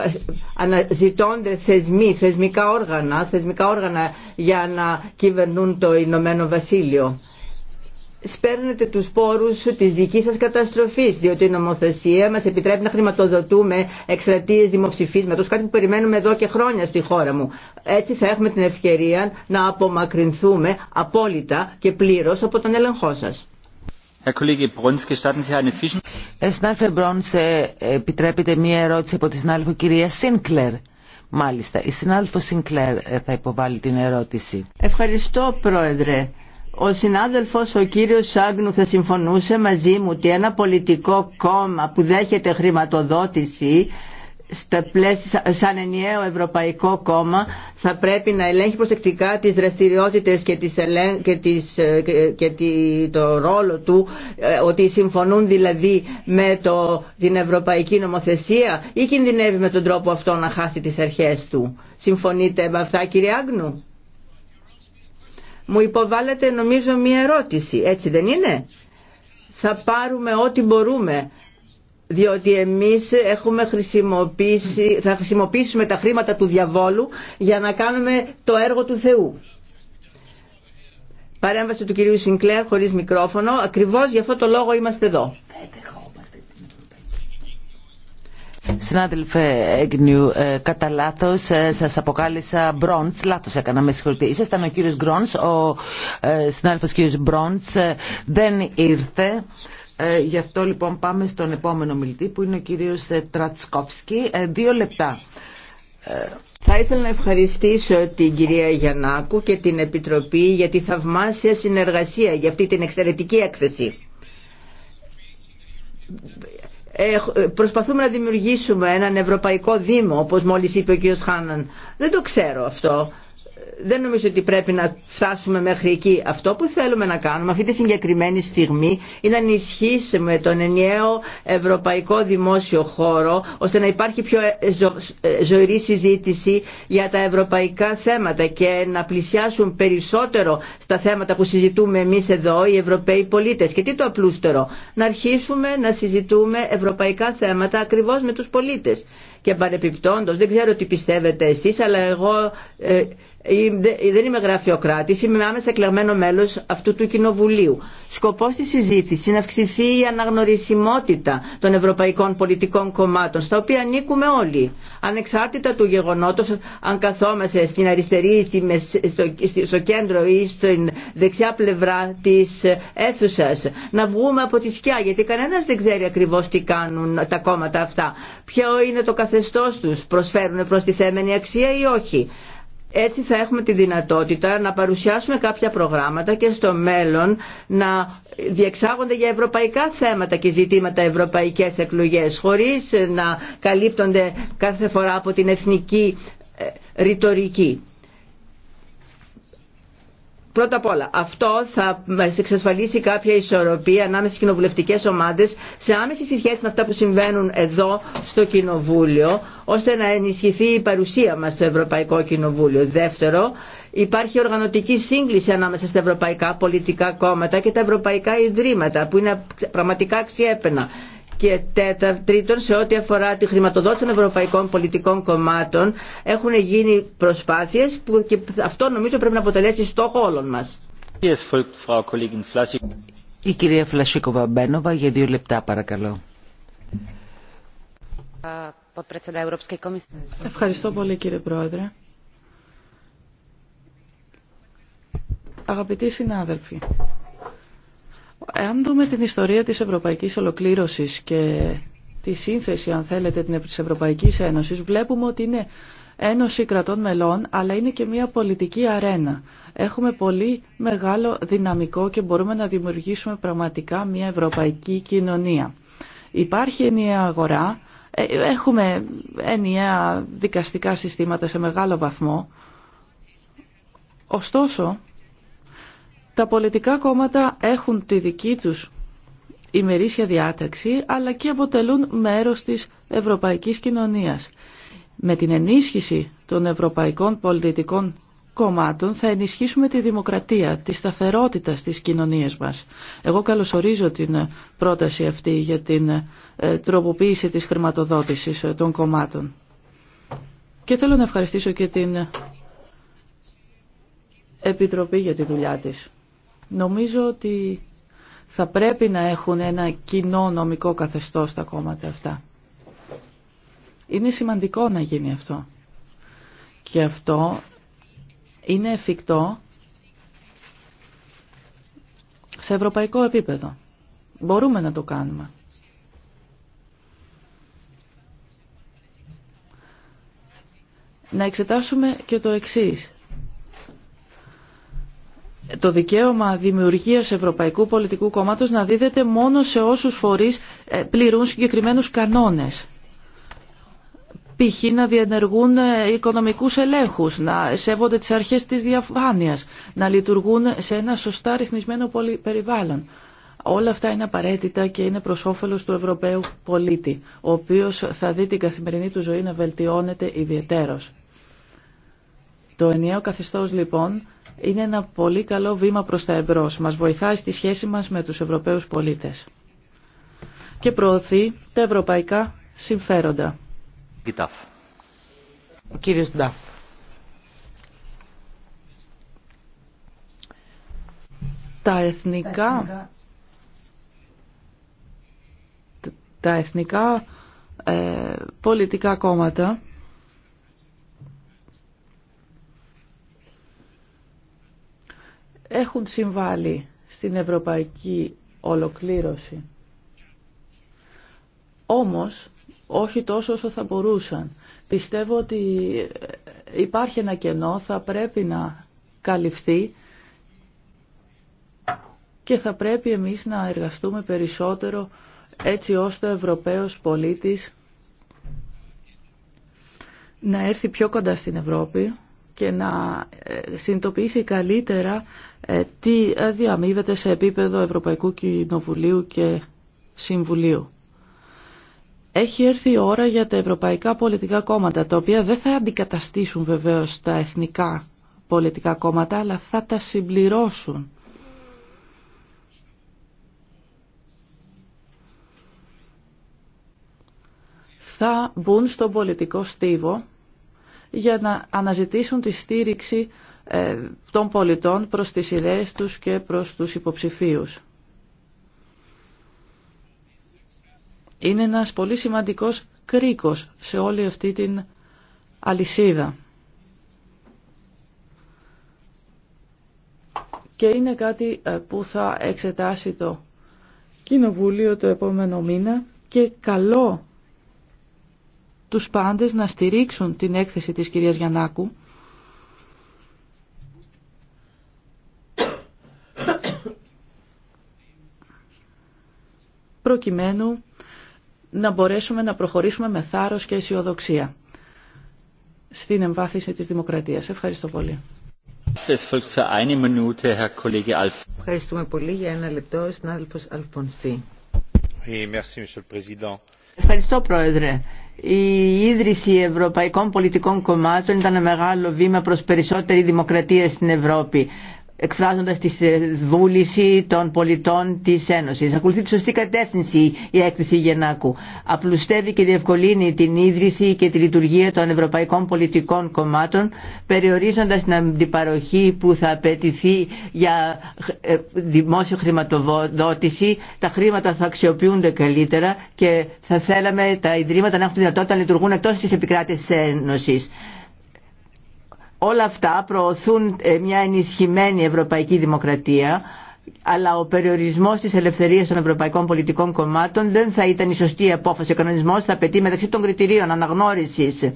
αναζητώνται θεσμοί, θεσμικά όργανα, θεσμικά όργανα για να κυβερνούν το Ηνωμένο Βασίλειο σπέρνετε τους πόρους της δικής σας καταστροφής, διότι η νομοθεσία μας επιτρέπει να χρηματοδοτούμε εξτρατείες δημοψηφίσματος, κάτι που περιμένουμε εδώ και χρόνια στη χώρα μου. Έτσι θα έχουμε την ευκαιρία να απομακρυνθούμε απόλυτα και πλήρως από τον έλεγχό σας. επιτρέπετε μία ερώτηση από τη κυρία Μάλιστα, η Σίνκλερ ε, θα υποβάλει την ερώτηση. Ευχαριστώ, Πρόεδρε. Ο συνάδελφος ο κύριος Σάγνου θα συμφωνούσε μαζί μου ότι ένα πολιτικό κόμμα που δέχεται χρηματοδότηση στα πλαίσια, σαν ενιαίο ευρωπαϊκό κόμμα θα πρέπει να ελέγχει προσεκτικά τις δραστηριότητες και, τις, και, τις, και το ρόλο του ε, ότι συμφωνούν δηλαδή με το, την ευρωπαϊκή νομοθεσία ή κινδυνεύει με τον τρόπο αυτό να χάσει τις αρχές του. Συμφωνείτε με αυτά κύριε Άγνου. Μου υποβάλλετε νομίζω μία ερώτηση, έτσι δεν είναι. Θα πάρουμε ό,τι μπορούμε, διότι εμείς έχουμε χρησιμοποιήσει, θα χρησιμοποιήσουμε τα χρήματα του διαβόλου για να κάνουμε το έργο του Θεού. Παρέμβαση του κυρίου Σινκλέρ χωρίς μικρόφωνο, ακριβώς για αυτό το λόγο είμαστε εδώ. Συνάδελφε Έγνιου, ε, κατά λάθο ε, σα αποκάλυψα Μπρόντ. Λάθο έκανα, με συγχωρείτε. Ήσασταν ο κύριο Γκρόντ, ο ε, συνάδελφο κύριο Μπρόντ ε, δεν ήρθε. Ε, γι' αυτό λοιπόν πάμε στον επόμενο μιλητή που είναι ο κύριος ε, Τρατσκόφσκι. Δύο λεπτά. Θα ήθελα να ευχαριστήσω την κυρία Γιαννάκου και την Επιτροπή για τη θαυμάσια συνεργασία για αυτή την εξαιρετική έκθεση ε, προσπαθούμε να δημιουργήσουμε έναν Ευρωπαϊκό Δήμο, όπως μόλις είπε ο κ. Χάναν. Δεν το ξέρω αυτό δεν νομίζω ότι πρέπει να φτάσουμε μέχρι εκεί. Αυτό που θέλουμε να κάνουμε αυτή τη συγκεκριμένη στιγμή είναι να ενισχύσουμε τον ενιαίο ευρωπαϊκό δημόσιο χώρο ώστε να υπάρχει πιο ε, ζω... Ε, ζωηρή συζήτηση για τα ευρωπαϊκά θέματα και να πλησιάσουν περισσότερο στα θέματα που συζητούμε εμείς εδώ οι Ευρωπαίοι πολίτες. Και τι το απλούστερο, να αρχίσουμε να συζητούμε ευρωπαϊκά θέματα ακριβώς με τους πολίτες. Και παρεπιπτόντος, δεν ξέρω τι πιστεύετε εσείς, αλλά εγώ... Ε, δεν είμαι γραφειοκράτη, είμαι άμεσα εκλεγμένο μέλο αυτού του κοινοβουλίου. Σκοπό της συζήτηση είναι να αυξηθεί η αναγνωρισιμότητα των ευρωπαϊκών πολιτικών κομμάτων, στα οποία ανήκουμε όλοι. Ανεξάρτητα του γεγονότο αν καθόμαστε στην αριστερή, στο, κέντρο ή στην δεξιά πλευρά της αίθουσα, να βγούμε από τη σκιά, γιατί κανένα δεν ξέρει ακριβώ τι κάνουν τα κόμματα αυτά. Ποιο είναι το καθεστώς τους, προσφέρουν προστιθέμενη αξία ή όχι. Έτσι θα έχουμε τη δυνατότητα να παρουσιάσουμε κάποια προγράμματα και στο μέλλον να διεξάγονται για ευρωπαϊκά θέματα και ζητήματα ευρωπαϊκές εκλογές χωρίς να καλύπτονται κάθε φορά από την εθνική ε, ρητορική. Πρώτα απ' όλα, αυτό θα μα εξασφαλίσει κάποια ισορροπία ανάμεσα στι κοινοβουλευτικέ ομάδες σε άμεση σχέση με αυτά που συμβαίνουν εδώ στο Κοινοβούλιο, ώστε να ενισχυθεί η παρουσία μας στο Ευρωπαϊκό Κοινοβούλιο. Δεύτερο, υπάρχει οργανωτική σύγκληση ανάμεσα στα ευρωπαϊκά πολιτικά κόμματα και τα ευρωπαϊκά ιδρύματα που είναι πραγματικά αξιέπαινα. Και τέταρτον, τρίτον, σε ό,τι αφορά τη χρηματοδότηση των ευρωπαϊκών πολιτικών κομμάτων, έχουν γίνει προσπάθειες που και αυτό νομίζω πρέπει να αποτελέσει στόχο όλων μας. Η κυρία Φλασίκοβα Μπένοβα για δύο λεπτά παρακαλώ. Ευχαριστώ πολύ κύριε Πρόεδρε. Αγαπητοί συνάδελφοι, αν δούμε την ιστορία της ευρωπαϊκής ολοκλήρωσης και τη σύνθεση, αν θέλετε, της Ευρωπαϊκής Ένωσης, βλέπουμε ότι είναι Ένωση κρατών μελών, αλλά είναι και μια πολιτική αρένα. Έχουμε πολύ μεγάλο δυναμικό και μπορούμε να δημιουργήσουμε πραγματικά μια ευρωπαϊκή κοινωνία. Υπάρχει ενιαία αγορά, ε, έχουμε ενιαία δικαστικά συστήματα σε μεγάλο βαθμό. Ωστόσο, τα πολιτικά κόμματα έχουν τη δική τους ημερήσια διάταξη, αλλά και αποτελούν μέρος της ευρωπαϊκής κοινωνίας. Με την ενίσχυση των ευρωπαϊκών πολιτικών κομμάτων θα ενισχύσουμε τη δημοκρατία, τη σταθερότητα στις κοινωνίες μας. Εγώ καλωσορίζω την πρόταση αυτή για την ε, τροποποίηση της χρηματοδότησης ε, των κομμάτων. Και θέλω να ευχαριστήσω και την Επιτροπή για τη δουλειά της. Νομίζω ότι θα πρέπει να έχουν ένα κοινό νομικό καθεστώς τα κόμματα αυτά. Είναι σημαντικό να γίνει αυτό. Και αυτό είναι εφικτό σε ευρωπαϊκό επίπεδο. Μπορούμε να το κάνουμε. Να εξετάσουμε και το εξής το δικαίωμα δημιουργίας Ευρωπαϊκού Πολιτικού Κόμματος να δίδεται μόνο σε όσους φορείς ε, πληρούν συγκεκριμένους κανόνες. Π.χ. να διενεργούν ε, οικονομικούς ελέγχους, να σέβονται τις αρχές της διαφάνειας, να λειτουργούν σε ένα σωστά ρυθμισμένο περιβάλλον. Όλα αυτά είναι απαραίτητα και είναι προ όφελο του Ευρωπαίου πολίτη, ο οποίο θα δει την καθημερινή του ζωή να βελτιώνεται ιδιαιτέρω. Το ενιαίο καθεστώ λοιπόν είναι ένα πολύ καλό βήμα προς τα εμπρός. Μας βοηθάει στη σχέση μας με τους Ευρωπαίους πολίτες και προωθεί τα ευρωπαϊκά συμφέροντα. κύριος Νταφ. Τα εθνικά, τα εθνικά, ε, πολιτικά κόμματα έχουν συμβάλει στην ευρωπαϊκή ολοκλήρωση. Όμως, όχι τόσο όσο θα μπορούσαν. Πιστεύω ότι υπάρχει ένα κενό, θα πρέπει να καλυφθεί και θα πρέπει εμείς να εργαστούμε περισσότερο έτσι ώστε ο Ευρωπαίος πολίτης να έρθει πιο κοντά στην Ευρώπη και να ε, συνειδητοποιήσει καλύτερα ε, τι ε, διαμείβεται σε επίπεδο Ευρωπαϊκού Κοινοβουλίου και Συμβουλίου. Έχει έρθει η ώρα για τα ευρωπαϊκά πολιτικά κόμματα, τα οποία δεν θα αντικαταστήσουν βεβαίως τα εθνικά πολιτικά κόμματα, αλλά θα τα συμπληρώσουν. Θα μπουν στον πολιτικό στίβο για να αναζητήσουν τη στήριξη ε, των πολιτών προς τις ιδέες τους και προς τους υποψηφίους. Είναι ένας πολύ σημαντικός κρίκος σε όλη αυτή την αλυσίδα. Και είναι κάτι ε, που θα εξετάσει το Κοινοβούλιο το επόμενο μήνα και καλό τους πάντες να στηρίξουν την έκθεση της κυρίας Γιαννάκου προκειμένου να μπορέσουμε να προχωρήσουμε με θάρρος και αισιοδοξία στην εμβάθυνση της δημοκρατίας. Ευχαριστώ πολύ. Ευχαριστούμε πολύ για ένα λεπτό, συνάδελφος Αλφονσί. Ευχαριστώ, Πρόεδρε η ίδρυση ευρωπαϊκών πολιτικών κομμάτων ήταν ένα μεγάλο βήμα προς περισσότερη δημοκρατία στην Ευρώπη. Εκφράζοντα τη βούληση των πολιτών της Ένωσης. Ακολουθεί τη σωστή κατεύθυνση η έκθεση Γεννάκου. Απλουστεύει και διευκολύνει την ίδρυση και τη λειτουργία των ευρωπαϊκών πολιτικών κομμάτων, περιορίζοντα την αντιπαροχή που θα απαιτηθεί για ε, δημόσιο χρηματοδότηση. Τα χρήματα θα αξιοποιούνται καλύτερα και θα θέλαμε τα ιδρύματα να έχουν δυνατότητα να λειτουργούν εκτό τη επικράτηση της όλα αυτά προωθούν ε, μια ενισχυμένη ευρωπαϊκή δημοκρατία αλλά ο περιορισμό τη ελευθερία των ευρωπαϊκών πολιτικών κομμάτων δεν θα ήταν η σωστή απόφαση. Ο κανονισμό θα απαιτεί μεταξύ των κριτηρίων αναγνώριση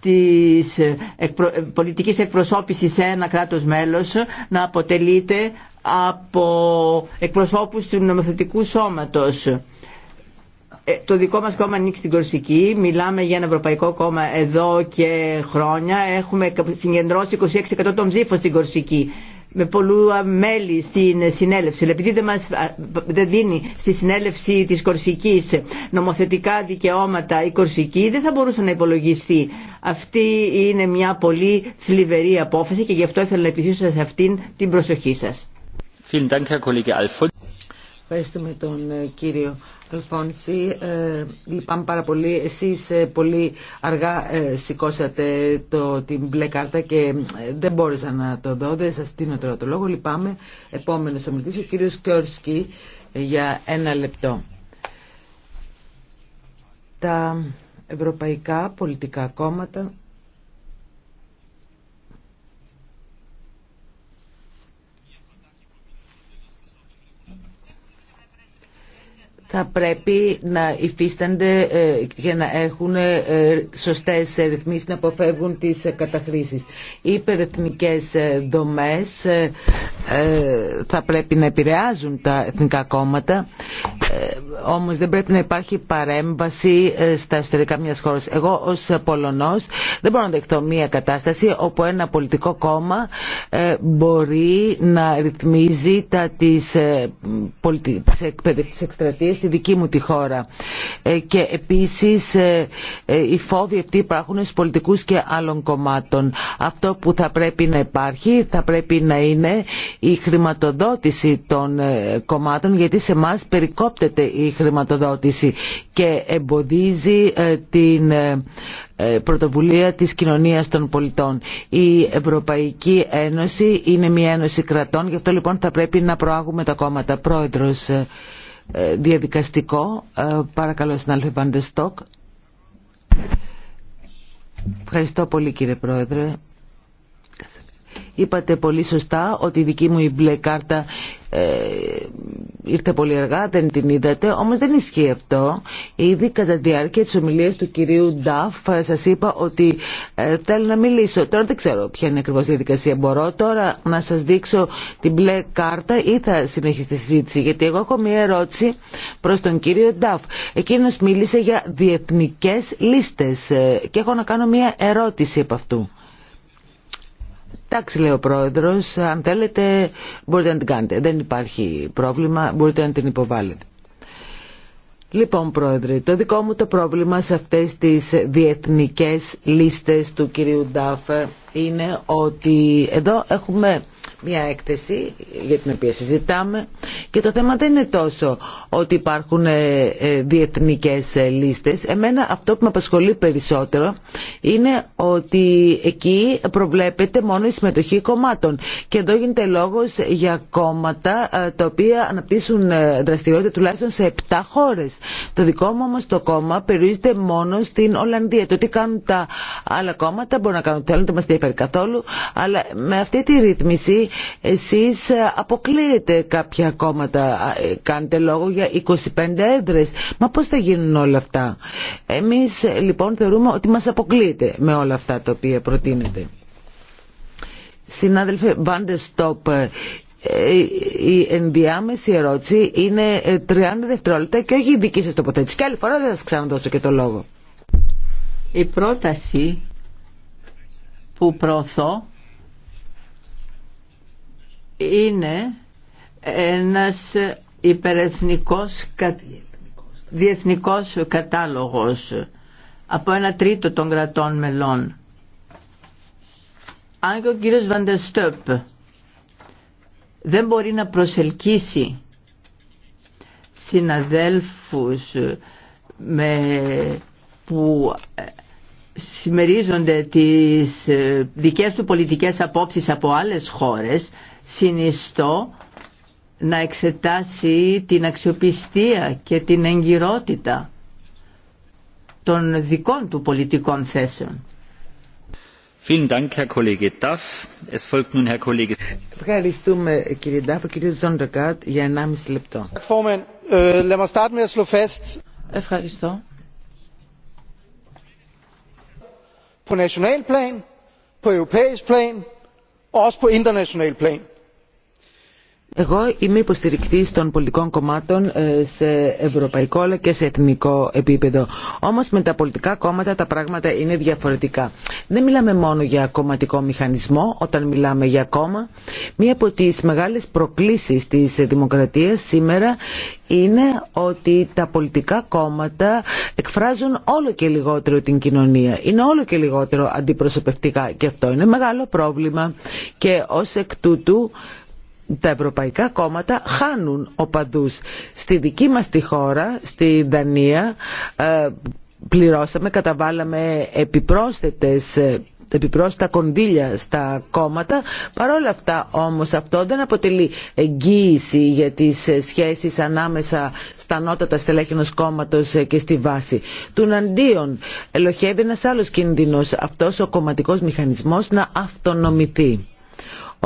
της ε, ε, πολιτικής εκπροσώπησης σε ένα κράτος μέλος να αποτελείται από εκπροσώπους του νομοθετικού σώματος ε, το δικό μας κόμμα ανοίξει στην Κορσική, μιλάμε για ένα ευρωπαϊκό κόμμα εδώ και χρόνια, έχουμε συγκεντρώσει 26% των ψήφων στην Κορσική με πολλού μέλη στην συνέλευση. Επειδή δεν, δίνει στη συνέλευση της Κορσικής νομοθετικά δικαιώματα η Κορσική, δεν θα μπορούσε να υπολογιστεί. Αυτή είναι μια πολύ θλιβερή απόφαση και γι' αυτό ήθελα να επιστήσω σε αυτήν την προσοχή σας. Ευχαριστούμε τον ε, κύριο Αλφόνση. Ε, λυπάμαι πάρα πολύ. Εσείς ε, πολύ αργά ε, σηκώσατε το, την μπλε κάρτα και δεν μπόρεσα να το δω. Δεν σας δίνω τώρα το λόγο. Λυπάμαι. Επόμενος ομιλητής, ο κύριος Κιόρσκι, για ένα λεπτό. Τα ευρωπαϊκά πολιτικά κόμματα θα πρέπει να υφίστανται ε, για να έχουν ε, σωστές ρυθμίσεις να αποφεύγουν τις ε, καταχρήσεις. Οι υπερεθνικές δομές θα πρέπει να επηρεάζουν τα εθνικά κόμματα όμως δεν πρέπει να υπάρχει παρέμβαση ε, στα εσωτερικά μιας χώρας. Εγώ ως Πολωνός δεν μπορώ να δεχτώ μια κατάσταση όπου ένα πολιτικό κόμμα ε, μπορεί να ρυθμίζει τα της, ε, πολιτι... στη δική μου τη χώρα. Και επίσης οι φόβοι αυτοί υπάρχουν στους πολιτικούς και άλλων κομμάτων. Αυτό που θα πρέπει να υπάρχει θα πρέπει να είναι η χρηματοδότηση των κομμάτων γιατί σε εμά περικόπτεται τη η χρηματοδότηση και εμποδίζει ε, την ε, ε, πρωτοβουλία της κοινωνίας των πολιτών. Η Ευρωπαϊκή Ένωση είναι μια ένωση κρατών, γι' αυτό λοιπόν θα πρέπει να προάγουμε τα κόμματα. Πρόεδρος διαδικαστικό, παρακαλώ συνάδελφε Βαντεστόκ. Ευχαριστώ πολύ κύριε Πρόεδρε. Είπατε πολύ σωστά ότι η δική μου η μπλε κάρτα ε, ήρθε πολύ αργά, δεν την είδατε, όμως δεν ισχύει αυτό. Ήδη κατά τη διάρκεια της ομιλίας του κυρίου Νταφ ε, σας είπα ότι ε, θέλω να μιλήσω. Τώρα δεν ξέρω ποια είναι ακριβώς η διαδικασία. Μπορώ τώρα να σας δείξω την μπλε κάρτα ή θα συνεχίσετε τη συζήτηση. Γιατί εγώ έχω μια ερώτηση προς τον κύριο Νταφ. Εκείνος μίλησε για διεθνικές λίστες ε, και έχω να κάνω μια ερώτηση από αυτού. Εντάξει, λέει ο πρόεδρο, αν θέλετε μπορείτε να την κάνετε. Δεν υπάρχει πρόβλημα, μπορείτε να την υποβάλλετε. Λοιπόν, Πρόεδρε, το δικό μου το πρόβλημα σε αυτές τις διεθνικές λίστες του κυρίου Ντάφε είναι ότι εδώ έχουμε μια έκθεση για την οποία συζητάμε και το θέμα δεν είναι τόσο ότι υπάρχουν ε, ε, διεθνικές ε, λίστες. Εμένα αυτό που με απασχολεί περισσότερο είναι ότι εκεί προβλέπεται μόνο η συμμετοχή κομμάτων και εδώ γίνεται λόγος για κόμματα τα οποία αναπτύσσουν δραστηριότητα τουλάχιστον σε 7 χώρες. Το δικό μου όμως το κόμμα περιορίζεται μόνο στην Ολλανδία. Το τι κάνουν τα άλλα κόμματα μπορούν να κάνουν θέλουν, δεν μας διαφέρει καθόλου αλλά με αυτή τη ρύθμιση εσείς αποκλείετε κάποια κόμματα, ε, κάνετε λόγο για 25 έδρες. Μα πώς θα γίνουν όλα αυτά. Εμείς ε, λοιπόν θεωρούμε ότι μας αποκλείεται με όλα αυτά τα οποία προτείνετε. Συνάδελφε Στόπ ε, η ενδιάμεση ερώτηση είναι 30 δευτερόλεπτα και όχι η δική σας τοποθέτηση. Και άλλη φορά δεν θα σας ξαναδώσω και το λόγο. Η πρόταση που προωθώ είναι ένας υπερεθνικός διεθνικός κατάλογος από ένα τρίτο των κρατών μελών. Αν και ο κύριος Βαντεστόπ δεν μπορεί να προσελκύσει συναδέλφους με, που συμμερίζονται τις δικές του πολιτικές απόψεις από άλλες χώρες συνιστώ να εξετάσει την αξιοπιστία και την εγκυρότητα των δικών του πολιτικών θέσεων. Ευχαριστούμε κύριε Ντάφ. κύριε κύριο για 1,5 λεπτό. Äh, Ευχαριστώ. På national plan, på europæisk plan og også på εγώ είμαι υποστηρικτή των πολιτικών κομμάτων ε, σε ευρωπαϊκό αλλά και σε εθνικό επίπεδο. Όμω με τα πολιτικά κόμματα τα πράγματα είναι διαφορετικά. Δεν μιλάμε μόνο για κομματικό μηχανισμό όταν μιλάμε για κόμμα. Μία από τι μεγάλε προκλήσει τη δημοκρατία σήμερα είναι ότι τα πολιτικά κόμματα εκφράζουν όλο και λιγότερο την κοινωνία. Είναι όλο και λιγότερο αντιπροσωπευτικά και αυτό είναι μεγάλο πρόβλημα και ως εκ τούτου τα ευρωπαϊκά κόμματα χάνουν οπαδούς. Στη δική μας τη χώρα, στη Δανία, ε, πληρώσαμε, καταβάλαμε επιπρόσθετες ε, επιπρόσθετα κονδύλια στα κόμματα. Παρόλα αυτά όμως αυτό δεν αποτελεί εγγύηση για τις ε, σχέσεις ανάμεσα στα νότατα στελέχη κόμματος και στη βάση. Τουν αντίον ελοχεύει ένας άλλος κίνδυνος, αυτός ο κομματικός μηχανισμός να αυτονομηθεί.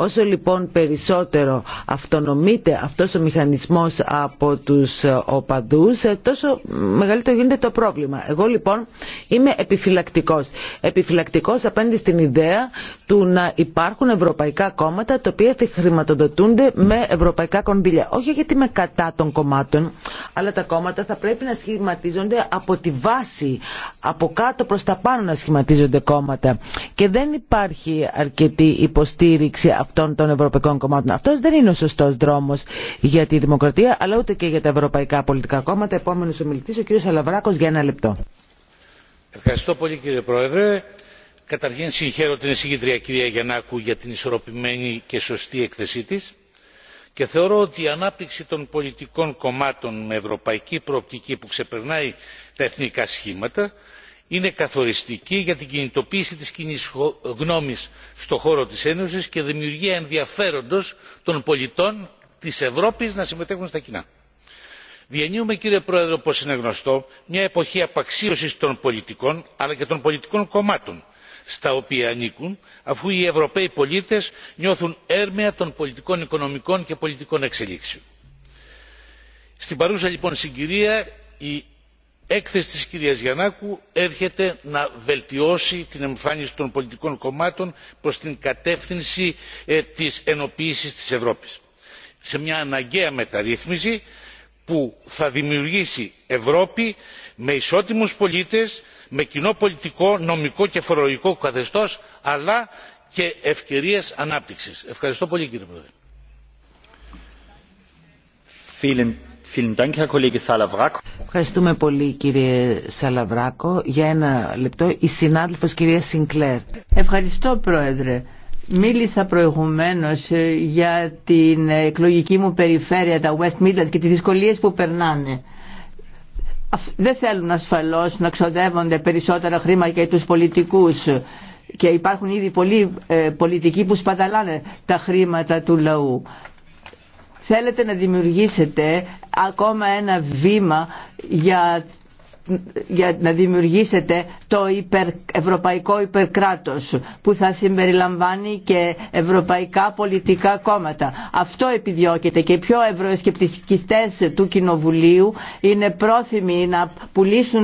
Όσο λοιπόν περισσότερο αυτονομείται αυτός ο μηχανισμός από τους ε, οπαδούς, ε, τόσο μεγαλύτερο γίνεται το πρόβλημα. Εγώ λοιπόν είμαι επιφυλακτικός. Επιφυλακτικός απέναντι στην ιδέα του να υπάρχουν ευρωπαϊκά κόμματα τα οποία θα χρηματοδοτούνται με ευρωπαϊκά κονδύλια. Όχι γιατί είμαι κατά των κομμάτων, αλλά τα κόμματα θα πρέπει να σχηματίζονται από τη βάση, από κάτω προς τα πάνω να σχηματίζονται κόμματα. Και δεν υπάρχει αρκετή υποστήριξη αυτών των ευρωπαϊκών κομμάτων. Αυτός δεν είναι ο σωστό δρόμος για τη δημοκρατία, αλλά ούτε και για τα ευρωπαϊκά πολιτικά κόμματα. Επόμενο ομιλητή, ο κ. Αλαβράκος, για ένα λεπτό. Ευχαριστώ πολύ κύριε Πρόεδρε. Καταρχήν συγχαίρω την εισηγήτρια κυρία Γιαννάκου για την ισορροπημένη και σωστή έκθεσή της και θεωρώ ότι η ανάπτυξη των πολιτικών κομμάτων με ευρωπαϊκή προοπτική που ξεπερνάει τα εθνικά σχήματα είναι καθοριστική για την κινητοποίηση της κοινή γνώμης στον χώρο της ένωσης και δημιουργία ενδιαφέροντος των πολιτών της ευρώπης να συμμετέχουν στα κοινά. διανύουμε κύριε Πρόεδρο, όπως είναι γνωστό μια εποχή απαξίωσης των πολιτικών αλλά και των πολιτικών κομμάτων στα οποία ανήκουν αφού οι ευρωπαίοι πολίτες νιώθουν έρμεα των πολιτικών οικονομικών και πολιτικών εξελίξεων. στην παρούσα λοιπόν συγκυρία η έκθεση της κυρίας γιαννάκου έρχεται να βελτιώσει την εμφάνιση των πολιτικών κομμάτων προς την κατεύθυνση ε, της ενοποίησης της ευρώπης σε μια αναγκαία μεταρρύθμιση που θα δημιουργήσει ευρώπη με ισότιμους πολίτες με κοινό πολιτικό νομικό και φορολογικό καθεστώς αλλά και ευκαιρίες ανάπτυξης. ευχαριστώ πολύ κύριε πρόεδρε. Ευχαριστούμε πολύ κύριε Σαλαβράκο. Για ένα λεπτό η συνάδελφος κυρία Σινκλέρ. Ευχαριστώ πρόεδρε. Μίλησα προηγουμένως ε, για την εκλογική μου περιφέρεια, τα West Midlands και τις δυσκολίες που περνάνε. Δεν θέλουν ασφαλώς να ξοδεύονται περισσότερα χρήματα για τους πολιτικούς και υπάρχουν ήδη πολλοί ε, πολιτικοί που σπαταλάνε τα χρήματα του λαού θέλετε να δημιουργήσετε ακόμα ένα βήμα για, για να δημιουργήσετε το υπερ, ευρωπαϊκό υπερκράτος που θα συμπεριλαμβάνει και ευρωπαϊκά πολιτικά κόμματα. Αυτό επιδιώκεται και οι πιο ευρωεσκεπτικιστές του Κοινοβουλίου είναι πρόθυμοι να πουλήσουν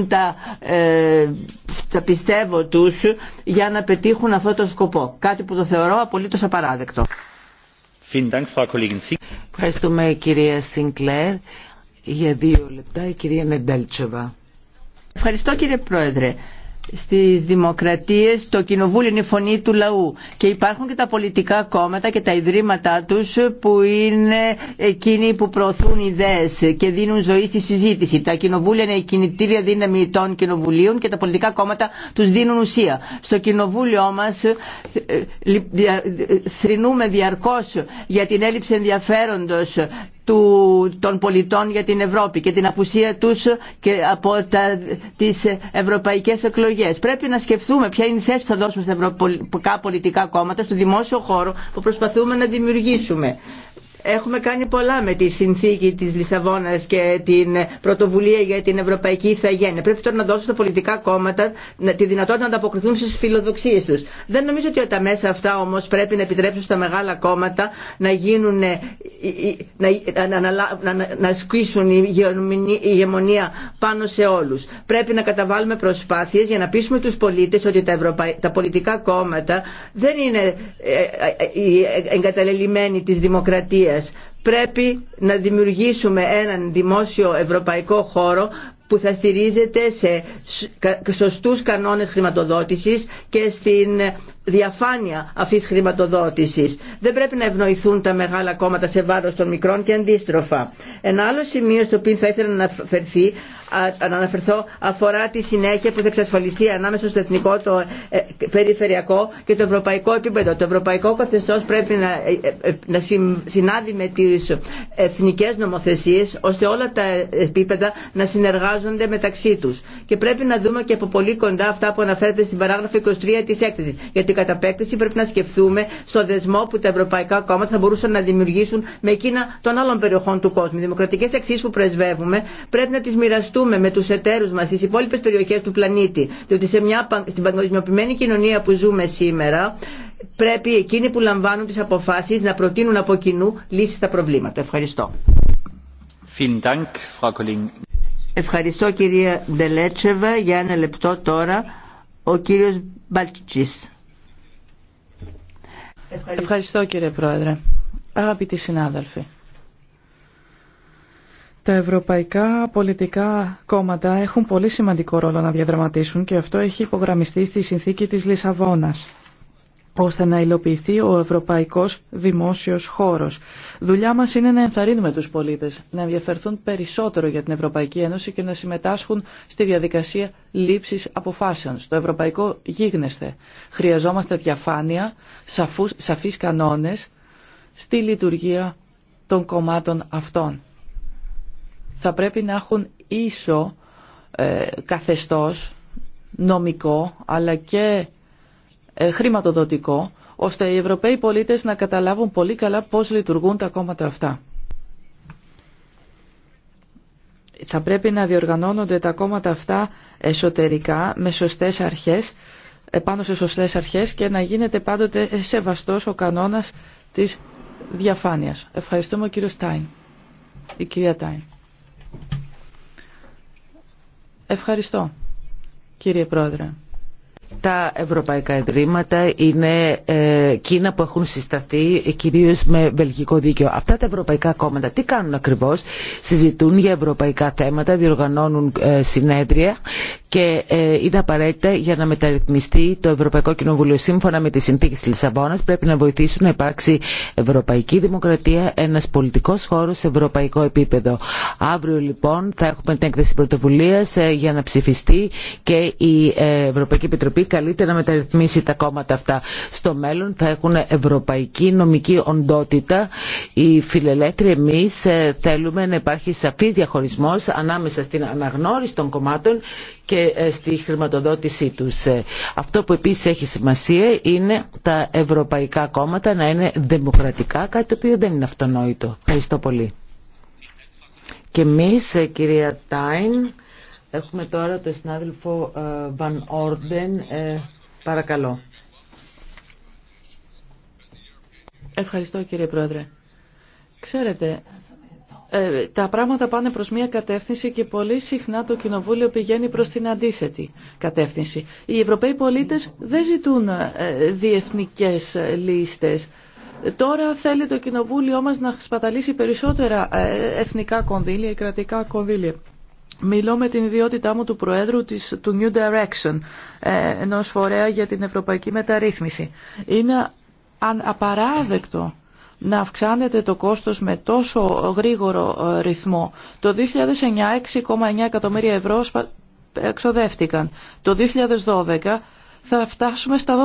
ε, τα, πιστεύω τους για να πετύχουν αυτό το σκοπό. Κάτι που το θεωρώ απολύτως απαράδεκτο. Ευχαριστούμε κυρία Σινκλέρ. Για δύο λεπτά η κυρία Νεντέλτσεβα. Ευχαριστώ κύριε Πρόεδρε στις δημοκρατίες το κοινοβούλιο είναι η φωνή του λαού και υπάρχουν και τα πολιτικά κόμματα και τα ιδρύματά τους που είναι εκείνοι που προωθούν ιδέες και δίνουν ζωή στη συζήτηση. Τα κοινοβούλια είναι η κινητήρια δύναμη των κοινοβουλίων και τα πολιτικά κόμματα τους δίνουν ουσία. Στο κοινοβούλιο μας ε, ε, ε, θρυνούμε διαρκώς για την έλλειψη ενδιαφέροντος του, των πολιτών για την Ευρώπη και την απουσία τους και από τα, τις ευρωπαϊκές εκλογές. Πρέπει να σκεφτούμε ποια είναι η θέση που θα δώσουμε στα ευρωπαϊκά πολιτικά κόμματα, στο δημόσιο χώρο που προσπαθούμε να δημιουργήσουμε. Έχουμε κάνει πολλά με τη συνθήκη της Λισαβόνας και την πρωτοβουλία για την Ευρωπαϊκή Ιθαγένεια. Πρέπει τώρα να δώσουμε στα πολιτικά κόμματα τη δυνατότητα να ανταποκριθούν στις φιλοδοξίες τους. Δεν νομίζω ότι τα μέσα αυτά όμως πρέπει να επιτρέψουν στα μεγάλα κόμματα να γίνουν, ε, να, να, να, να σκίσουν η ηγεμονία πάνω σε όλους. Πρέπει να καταβάλουμε προσπάθειες για να πείσουμε τους πολίτες ότι τα, Ευρωπα... τα πολιτικά κόμματα δεν είναι ε, ε, εγκαταλελειμμένοι της δημοκρατίας Πρέπει να δημιουργήσουμε έναν δημόσιο ευρωπαϊκό χώρο που θα στηρίζεται σε σωστούς κανόνες χρηματοδότησης και στην διαφάνεια αυτής χρηματοδότησης. Δεν πρέπει να ευνοηθούν τα μεγάλα κόμματα σε βάρος των μικρών και αντίστροφα. Ένα άλλο σημείο στο οποίο θα ήθελα να, αναφερθεί, να αναφερθώ αφορά τη συνέχεια που θα εξασφαλιστεί ανάμεσα στο εθνικό, το ε, ε, περιφερειακό και το ευρωπαϊκό επίπεδο. Το ευρωπαϊκό καθεστώς πρέπει να, ε, να συνάδει με τις εθνικές νομοθεσίες ώστε όλα τα επίπεδα να συνεργάζονται μεταξύ τους. Και πρέπει να δούμε και από πολύ κοντά αυτά που αναφέρεται στην παράγραφο 23 της έκθεσης κατά πέκτηση πρέπει να σκεφτούμε στο δεσμό που τα ευρωπαϊκά κόμματα θα μπορούσαν να δημιουργήσουν με εκείνα των άλλων περιοχών του κόσμου. Οι δημοκρατικέ αξίε που πρεσβεύουμε πρέπει να τι μοιραστούμε με του εταίρου μα στι υπόλοιπε περιοχέ του πλανήτη. Διότι σε μια, στην παγκοσμιοποιημένη κοινωνία που ζούμε σήμερα, πρέπει εκείνοι που λαμβάνουν τι αποφάσει να προτείνουν από κοινού λύσει στα προβλήματα. Ευχαριστώ. Ευχαριστώ κυρία Ντελέτσεβα. Για ένα λεπτό τώρα ο κύριος Μπαλκιτσής. Ευχαριστώ. κύριε Πρόεδρε. Αγαπητοί συνάδελφοι. Τα ευρωπαϊκά πολιτικά κόμματα έχουν πολύ σημαντικό ρόλο να διαδραματίσουν και αυτό έχει υπογραμμιστεί στη συνθήκη της Λισαβόνας ώστε να υλοποιηθεί ο ευρωπαϊκός δημόσιος χώρος. Δουλειά μας είναι να ενθαρρύνουμε τους πολίτες, να ενδιαφερθούν περισσότερο για την Ευρωπαϊκή Ένωση και να συμμετάσχουν στη διαδικασία λήψης αποφάσεων, στο ευρωπαϊκό γίγνεσθε. Χρειαζόμαστε διαφάνεια, σαφούς, σαφείς κανόνες στη λειτουργία των κομμάτων αυτών. Θα πρέπει να έχουν ίσο ε, καθεστώς νομικό αλλά και ε, χρηματοδοτικό, ώστε οι Ευρωπαίοι πολίτες να καταλάβουν πολύ καλά πώς λειτουργούν τα κόμματα αυτά. Θα πρέπει να διοργανώνονται τα κόμματα αυτά εσωτερικά, με σωστές αρχές, επάνω σε σωστές αρχές και να γίνεται πάντοτε σεβαστός ο κανόνας της διαφάνειας. Ευχαριστούμε ο κύριος Τάιν, η Ευχαριστώ, κύριε Πρόεδρε. Τα ευρωπαϊκά ιδρύματα είναι εκείνα που έχουν συσταθεί ε, κυρίως με βελγικό δίκαιο. Αυτά τα ευρωπαϊκά κόμματα τι κάνουν ακριβώς. Συζητούν για ευρωπαϊκά θέματα, διοργανώνουν ε, συνέδρια και ε, είναι απαραίτητα για να μεταρρυθμιστεί το Ευρωπαϊκό Κοινοβούλιο. Σύμφωνα με τη συνθήκη τη Λισαβόνα πρέπει να βοηθήσουν να υπάρξει ευρωπαϊκή δημοκρατία, ένα πολιτικό χώρο σε ευρωπαϊκό επίπεδο. Αύριο λοιπόν θα έχουμε την έκθεση πρωτοβουλία ε, για να ψηφιστεί και η ε, Ευρωπαϊκή Επιτροπή καλύτερα να μεταρρυθμίσει τα κόμματα αυτά. Στο μέλλον θα έχουν ευρωπαϊκή νομική οντότητα. Οι φιλελεύθεροι εμεί θέλουμε να υπάρχει σαφή διαχωρισμό ανάμεσα στην αναγνώριση των κομμάτων και ε, στη χρηματοδότησή τους. Ε, αυτό που επίσης έχει σημασία είναι τα ευρωπαϊκά κόμματα να είναι δημοκρατικά, κάτι το οποίο δεν είναι αυτονόητο. Ευχαριστώ πολύ. Και εμείς, ε, κυρία Τάιν, έχουμε τώρα τον συνάδελφο Βαν Όρντεν. Παρακαλώ. Ευχαριστώ κύριε Πρόεδρε. Ξέρετε, ε, τα πράγματα πάνε προς μία κατεύθυνση και πολύ συχνά το Κοινοβούλιο πηγαίνει προς την αντίθετη κατεύθυνση. Οι Ευρωπαίοι πολίτες δεν ζητούν ε, διεθνικές ε, λίστες. Τώρα θέλει το Κοινοβούλιο μας να σπαταλήσει περισσότερα εθνικά κονδύλια ή κρατικά κονδύλια. Μιλώ με την ιδιότητά μου του Προέδρου της, του New Direction, ενός φορέα για την Ευρωπαϊκή Μεταρρύθμιση. Είναι απαράδεκτο να αυξάνεται το κόστος με τόσο γρήγορο ε, ρυθμό. Το 2009 6,9 εκατομμύρια ευρώ εξοδεύτηκαν. Το 2012 θα φτάσουμε στα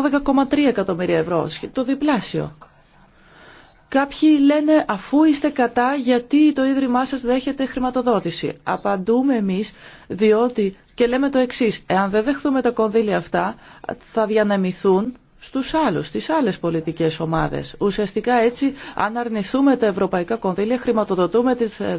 12,3 εκατομμύρια ευρώ, το διπλάσιο. Κάποιοι λένε αφού είστε κατά γιατί το Ίδρυμά σας δέχεται χρηματοδότηση. Απαντούμε εμείς διότι και λέμε το εξής, εάν δεν δεχθούμε τα κονδύλια αυτά θα διανεμηθούν στους άλλους, στις άλλες πολιτικές ομάδες. Ουσιαστικά έτσι αν αρνηθούμε τα ευρωπαϊκά κονδύλια χρηματοδοτούμε τις ε,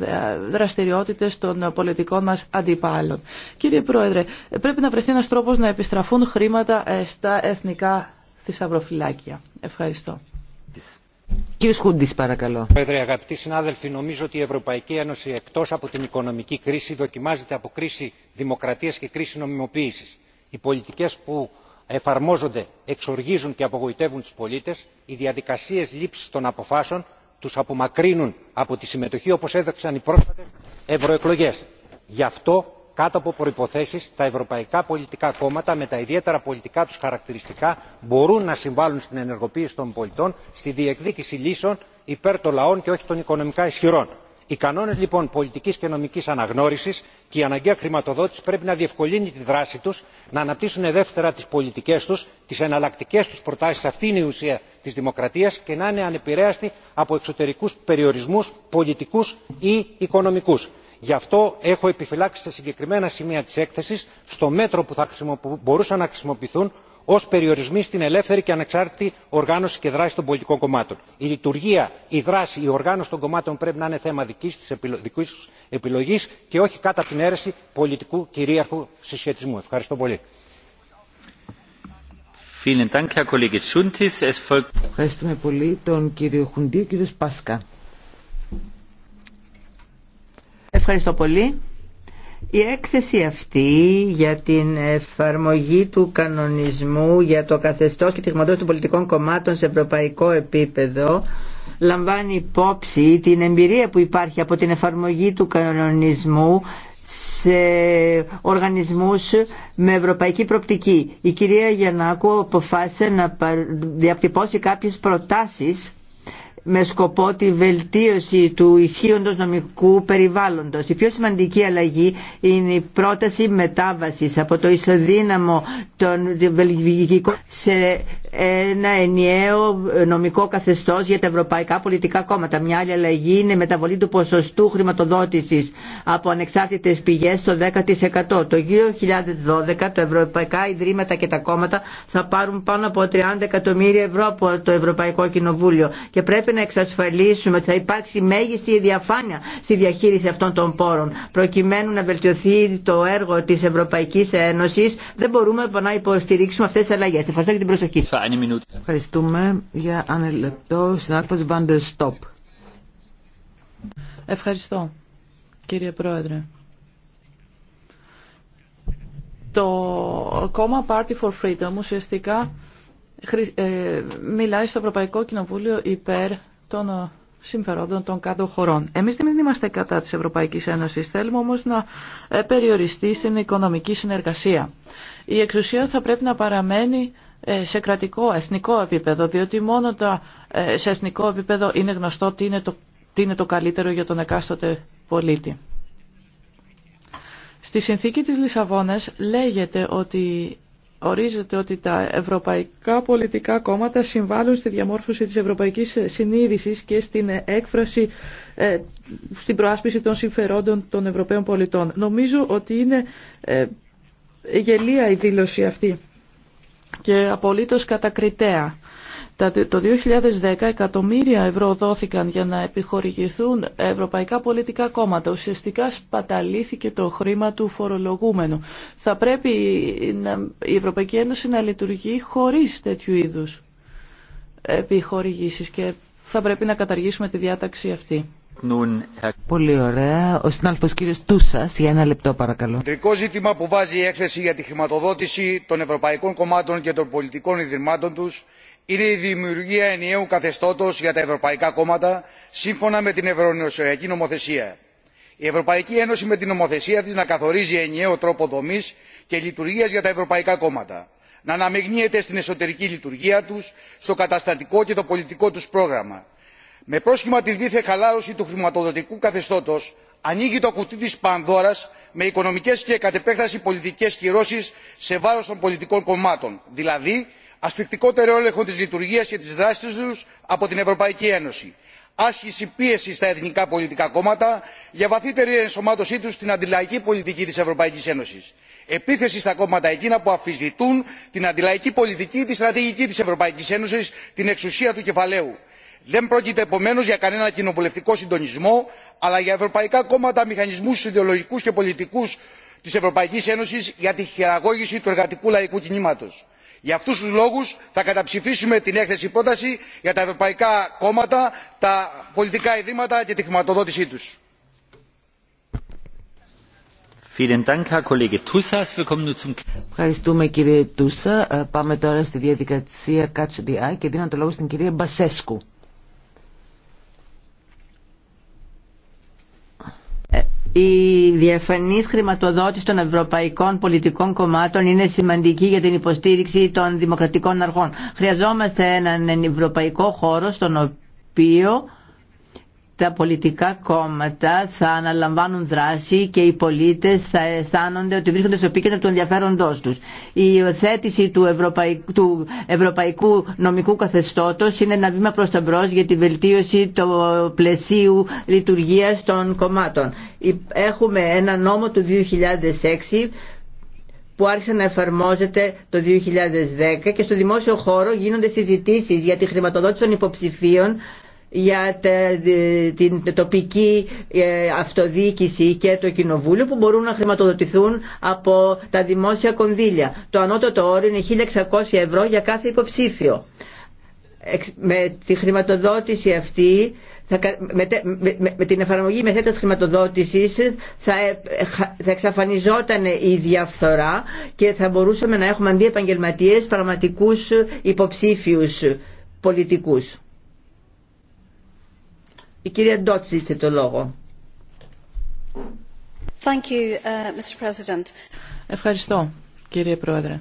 δραστηριότητες των πολιτικών μας αντιπάλων. Κύριε Πρόεδρε, πρέπει να βρεθεί ένας τρόπος να επιστραφούν χρήματα ε, στα εθνικά θησαυροφυλάκια. Ευχαριστώ. Κύριε Σκούντης, παρακαλώ. Πρόεδρε, αγαπητοί συνάδελφοι, νομίζω ότι η Ευρωπαϊκή Ένωση εκτό από την οικονομική κρίση δοκιμάζεται από κρίση δημοκρατία και κρίση νομιμοποίηση. Οι που εφαρμόζονται εξοργίζουν και απογοητεύουν τους πολίτες οι διαδικασίες λήψης των αποφάσεων τους απομακρύνουν από τη συμμετοχή όπως έδειξαν οι πρόσφατες ευρωεκλογές. γι' αυτό κάτω από προϋποθέσεις τα ευρωπαϊκά πολιτικά κόμματα με τα ιδιαίτερα πολιτικά τους χαρακτηριστικά μπορούν να συμβάλλουν στην ενεργοποίηση των πολιτών στη διεκδίκηση λύσεων υπέρ των λαών και όχι των οικονομικά ισχυρών οι κανόνε λοιπόν πολιτική και νομική αναγνώριση και η αναγκαία χρηματοδότηση πρέπει να διευκολύνει τη δράση του να αναπτύσσουν ελεύθερα τι πολιτικέ του τι εναλλακτικέ του προτάσει αυτή είναι η ουσία τη δημοκρατία και να είναι ανεπηρέαστοι από εξωτερικού περιορισμού πολιτικού ή οικονομικού. γι' αυτό έχω επιφυλάξει σε συγκεκριμένα σημεία τη έκθεση στο μέτρο που θα μπορούσαν να χρησιμοποιηθούν ω περιορισμή στην ελεύθερη και ανεξάρτητη οργάνωση και δράση των πολιτικών κομμάτων. η λειτουργία η δράση η οργάνωση των κομμάτων πρέπει να είναι θέμα δική του επιλογή και όχι κάτω από την αίρεση πολιτικού κυρίαρχου συσχετισμού. ευχαριστώ πολύ. Ευχαριστώ πολύ. Η έκθεση αυτή για την εφαρμογή του κανονισμού για το καθεστώς και τη χρηματοδότηση των πολιτικών κομμάτων σε ευρωπαϊκό επίπεδο λαμβάνει υπόψη την εμπειρία που υπάρχει από την εφαρμογή του κανονισμού σε οργανισμούς με ευρωπαϊκή προπτική. Η κυρία Γιαννάκου αποφάσισε να διατυπώσει κάποιες προτάσεις με σκοπό τη βελτίωση του ισχύοντος νομικού περιβάλλοντος. Η πιο σημαντική αλλαγή είναι η πρόταση μετάβασης από το ισοδύναμο των βελγικών σε ένα ενιαίο νομικό καθεστώς για τα ευρωπαϊκά πολιτικά κόμματα. Μια άλλη αλλαγή είναι η μεταβολή του ποσοστού χρηματοδότησης από ανεξάρτητες πηγές στο 10%. Το 2012 τα ευρωπαϊκά ιδρύματα και τα κόμματα θα πάρουν πάνω από 30 εκατομμύρια ευρώ από το Ευρωπαϊκό Κοινοβούλιο και πρέπει πρέπει να εξασφαλίσουμε ότι θα υπάρξει μέγιστη διαφάνεια στη διαχείριση αυτών των πόρων. Προκειμένου να βελτιωθεί το έργο τη Ευρωπαϊκή Ένωση, δεν μπορούμε να υποστηρίξουμε αυτέ τι αλλαγέ. Ευχαριστώ για την προσοχή. Ευχαριστούμε για ένα λεπτό. Συνάδελφο Βάντερ Στόπ. Ευχαριστώ, κύριε Πρόεδρε. Το κόμμα Party for Freedom ουσιαστικά ε, μιλάει στο Ευρωπαϊκό Κοινοβούλιο υπέρ των ε, συμφερόντων των κάτω χωρών. Εμείς δεν είμαστε κατά της Ευρωπαϊκής Ένωσης, θέλουμε όμως να ε, περιοριστεί στην οικονομική συνεργασία. Η εξουσία θα πρέπει να παραμένει σε κρατικό, εθνικό επίπεδο, διότι μόνο τα, σε εθνικό επίπεδο είναι γνωστό τι είναι, το, τι είναι το καλύτερο για τον εκάστοτε πολίτη. Στη συνθήκη της Λισαβόνας λέγεται ότι ορίζεται ότι τα ευρωπαϊκά πολιτικά κόμματα συμβάλλουν στη διαμόρφωση της ευρωπαϊκής συνείδησης και στην έκφραση, ε, στην προάσπιση των συμφερόντων των Ευρωπαίων πολιτών. Νομίζω ότι είναι ε, γελία η δήλωση αυτή και απολύτως κατακριτέα. Το 2010 εκατομμύρια ευρώ δόθηκαν για να επιχορηγηθούν ευρωπαϊκά πολιτικά κόμματα. Ουσιαστικά σπαταλήθηκε το χρήμα του φορολογούμενου. Θα πρέπει η Ευρωπαϊκή Ένωση να λειτουργεί χωρίς τέτοιου είδους επιχορηγήσεις και θα πρέπει να καταργήσουμε τη διάταξη αυτή. Πολύ ωραία. Ο συνάλφο κύριο Τούσα, για ένα λεπτό παρακαλώ. Το κεντρικό ζήτημα που βάζει η έκθεση για τη χρηματοδότηση των ευρωπαϊκών κομμάτων και των πολιτικών ιδρυμάτων του είναι η δημιουργία ενιαίου καθεστώτος για τα ευρωπαϊκά κόμματα σύμφωνα με την ευρωενωσιακή νομοθεσία. η ευρωπαϊκή ένωση με την νομοθεσία της να καθορίζει ενιαίο τρόπο δομής και λειτουργίας για τα ευρωπαϊκά κόμματα να αναμειγνύεται στην εσωτερική λειτουργία τους στο καταστατικό και το πολιτικό τους πρόγραμμα. με πρόσχημα την δίθεν χαλάρωση του χρηματοδοτικού καθεστώτος ανοίγει το κουτί της πανδώρας με οικονομικές και κατ' επέκταση πολιτικές κυρώσεις σε βάρος των πολιτικών κομμάτων δηλαδή ασφιχτικότερο έλεγχο της λειτουργίας και της δράσης τους από την ευρωπαϊκή ένωση άσκηση πίεσης στα εθνικά πολιτικά κόμματα για βαθύτερη ενσωμάτωσή τους στην αντιλαϊκή πολιτική της ευρωπαϊκής ένωσης επίθεση στα κόμματα εκείνα που αμφισβητούν την αντιλαϊκή πολιτική τη στρατηγική της ευρωπαϊκής ένωσης την εξουσία του κεφαλαίου. δεν πρόκειται επομένως για κανένα κοινοβουλευτικό συντονισμό αλλά για ευρωπαϊκά κόμματα μηχανισμούς ιδεολογικούς και πολιτικούς της ευρωπαϊκής ένωσης για τη χειραγώγηση του εργατικού λαϊκού για αυτούς τους λόγους θα καταψηφίσουμε την έκθεση πρόταση για τα ευρωπαϊκά κόμματα τα πολιτικά ιδρύματα και τη χρηματοδότησή τους. Ευχαριστούμε κύριε Τούσα. Ε, πάμε τώρα στη διαδικασία Catch the Eye και δίνω το λόγο στην κυρία Μπασέσκου. η διαφανής χρηματοδότηση των ευρωπαϊκών πολιτικών κομμάτων είναι σημαντική για την υποστήριξη των δημοκρατικών αρχών. Χρειαζόμαστε έναν ευρωπαϊκό χώρο στον οποίο τα πολιτικά κόμματα θα αναλαμβάνουν δράση και οι πολίτες θα αισθάνονται ότι βρίσκονται στο επίκεντρο του ενδιαφέροντός τους. Η υιοθέτηση του ευρωπαϊκού, του ευρωπαϊκού νομικού καθεστώτος είναι ένα βήμα προς τα μπρος για τη βελτίωση του πλαισίου λειτουργίας των κομμάτων. Έχουμε ένα νόμο του 2006 που άρχισε να εφαρμόζεται το 2010 και στο δημόσιο χώρο γίνονται συζητήσεις για τη χρηματοδότηση των υποψηφίων για την τοπική ε, αυτοδιοίκηση και το κοινοβούλιο που μπορούν να χρηματοδοτηθούν από τα δημόσια κονδύλια. Το ανώτατο όριο είναι 1.600 ευρώ για κάθε υποψήφιο. Με τη χρηματοδότηση αυτή με, την εφαρμογή μεθέτας χρηματοδότησης θα, ε, θα εξαφανιζόταν η διαφθορά και θα μπορούσαμε να έχουμε αντί επαγγελματίες πραγματικούς υποψήφιους πολιτικούς. Η κυρία Ντότ ζήτησε το λόγο. Thank you, uh, Mr. President. Ευχαριστώ, κύριε Πρόεδρε.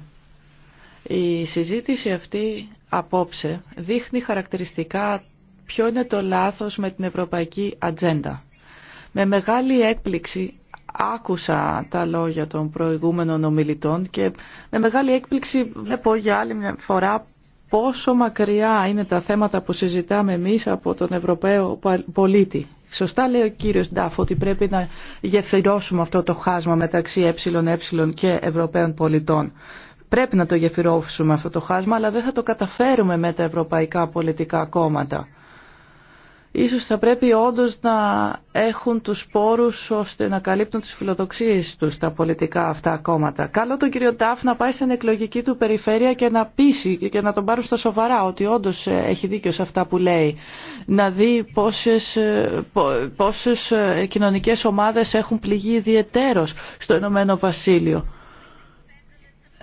Η συζήτηση αυτή απόψε δείχνει χαρακτηριστικά ποιο είναι το λάθος με την ευρωπαϊκή ατζέντα. Με μεγάλη έκπληξη άκουσα τα λόγια των προηγούμενων ομιλητών και με μεγάλη έκπληξη βλέπω για άλλη μια φορά πόσο μακριά είναι τα θέματα που συζητάμε εμείς από τον Ευρωπαίο πολίτη. Σωστά λέει ο κύριος Ντάφ ότι πρέπει να γεφυρώσουμε αυτό το χάσμα μεταξύ ΕΕ και Ευρωπαίων πολιτών. Πρέπει να το γεφυρώσουμε αυτό το χάσμα, αλλά δεν θα το καταφέρουμε με τα ευρωπαϊκά πολιτικά κόμματα. Ίσως θα πρέπει όντως να έχουν τους πόρους ώστε να καλύπτουν τις φιλοδοξίες τους τα πολιτικά αυτά κόμματα. Καλό τον κύριο Τάφ να πάει στην εκλογική του περιφέρεια και να πείσει και να τον πάρουν στα σοβαρά ότι όντως ε, έχει δίκιο σε αυτά που λέει. Να δει πόσες, ε, πόσες ε, κοινωνικές ομάδες έχουν πληγεί ιδιαιτέρως στο Ηνωμένο Βασίλειο.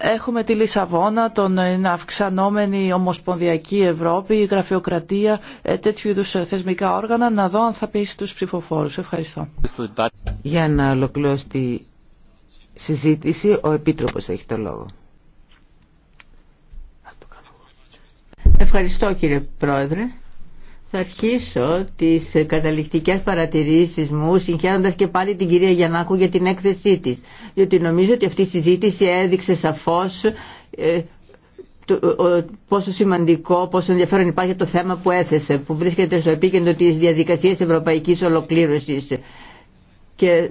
Έχουμε τη Λισαβόνα, τον ε, αυξανόμενη ομοσπονδιακή Ευρώπη, η γραφειοκρατία, ε, τέτοιου είδους ε, θεσμικά όργανα, να δω αν θα πείσει τους ψηφοφόρους. Ευχαριστώ. Για να ολοκληρώσει τη συζήτηση, ο Επίτροπος έχει το λόγο. Ευχαριστώ κύριε Πρόεδρε. Θα αρχίσω τις καταληκτικές παρατηρήσεις μου συγχαίροντας και πάλι την κυρία Γιαννάκου για την έκθεσή της διότι νομίζω ότι αυτή η συζήτηση έδειξε σαφώς ε, πόσο σημαντικό, πόσο ενδιαφέρον υπάρχει το θέμα που έθεσε που βρίσκεται στο επίκεντρο της διαδικασίας ευρωπαϊκής ολοκλήρωσης και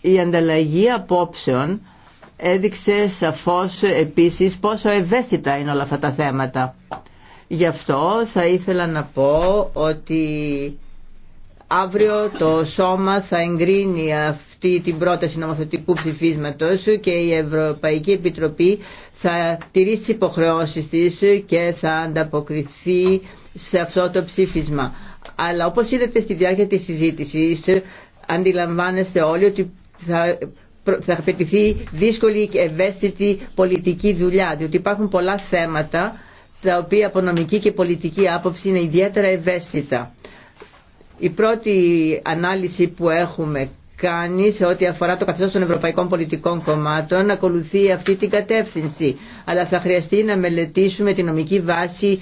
η ανταλλαγή απόψεων έδειξε σαφώς επίσης πόσο ευαίσθητα είναι όλα αυτά τα θέματα. Γι' αυτό θα ήθελα να πω ότι αύριο το Σώμα θα εγκρίνει αυτή την πρόταση νομοθετικού ψηφίσματος και η Ευρωπαϊκή Επιτροπή θα τηρήσει τις υποχρεώσεις και θα ανταποκριθεί σε αυτό το ψήφισμα. Αλλά όπως είδατε στη διάρκεια της συζήτησης αντιλαμβάνεστε όλοι ότι θα θα απαιτηθεί δύσκολη και ευαίσθητη πολιτική δουλειά, διότι υπάρχουν πολλά θέματα τα οποία από νομική και πολιτική άποψη είναι ιδιαίτερα ευαίσθητα. Η πρώτη ανάλυση που έχουμε κάνει σε ό,τι αφορά το καθεστώς των ευρωπαϊκών πολιτικών κομμάτων ακολουθεί αυτή την κατεύθυνση. Αλλά θα χρειαστεί να μελετήσουμε τη νομική βάση,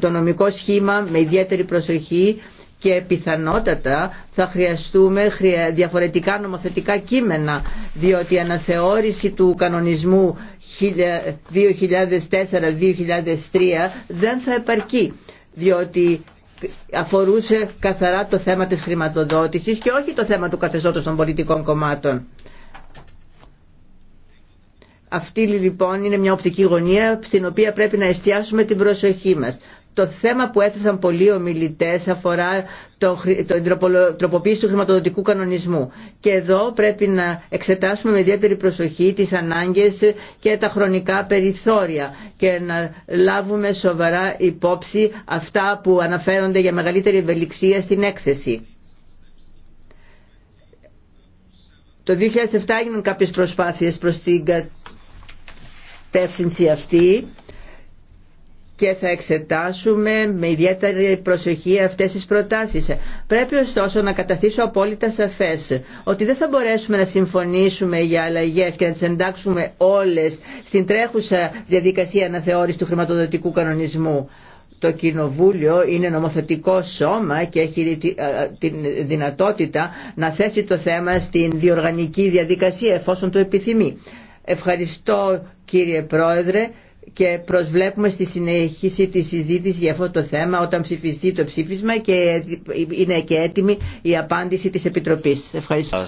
το, νομικό σχήμα με ιδιαίτερη προσοχή και πιθανότατα θα χρειαστούμε διαφορετικά νομοθετικά κείμενα διότι η αναθεώρηση του κανονισμού 2004-2003 δεν θα επαρκεί διότι αφορούσε καθαρά το θέμα της χρηματοδότησης και όχι το θέμα του καθεστώτος των πολιτικών κομμάτων. Αυτή λοιπόν είναι μια οπτική γωνία στην οποία πρέπει να εστιάσουμε την προσοχή μας. Το θέμα που έθεσαν πολλοί ομιλητέ αφορά το, το τροποποίηση του χρηματοδοτικού κανονισμού. Και εδώ πρέπει να εξετάσουμε με ιδιαίτερη προσοχή τις ανάγκες και τα χρονικά περιθώρια και να λάβουμε σοβαρά υπόψη αυτά που αναφέρονται για μεγαλύτερη ευελιξία στην έκθεση. Το 2007 έγιναν κάποιες προσπάθειες προς την κατεύθυνση αυτή και θα εξετάσουμε με ιδιαίτερη προσοχή αυτές τις προτάσεις. Πρέπει ωστόσο να καταθήσω απόλυτα σαφές ότι δεν θα μπορέσουμε να συμφωνήσουμε για αλλαγές και να τις εντάξουμε όλες στην τρέχουσα διαδικασία αναθεώρησης του χρηματοδοτικού κανονισμού. Το Κοινοβούλιο είναι νομοθετικό σώμα και έχει τη δυνατότητα να θέσει το θέμα στην διοργανική διαδικασία εφόσον το επιθυμεί. Ευχαριστώ κύριε Πρόεδρε και προσβλέπουμε στη συνέχιση τη συζήτηση για αυτό το θέμα όταν ψηφιστεί το ψήφισμα και είναι και έτοιμη η απάντηση της Επιτροπής. Ευχαριστώ.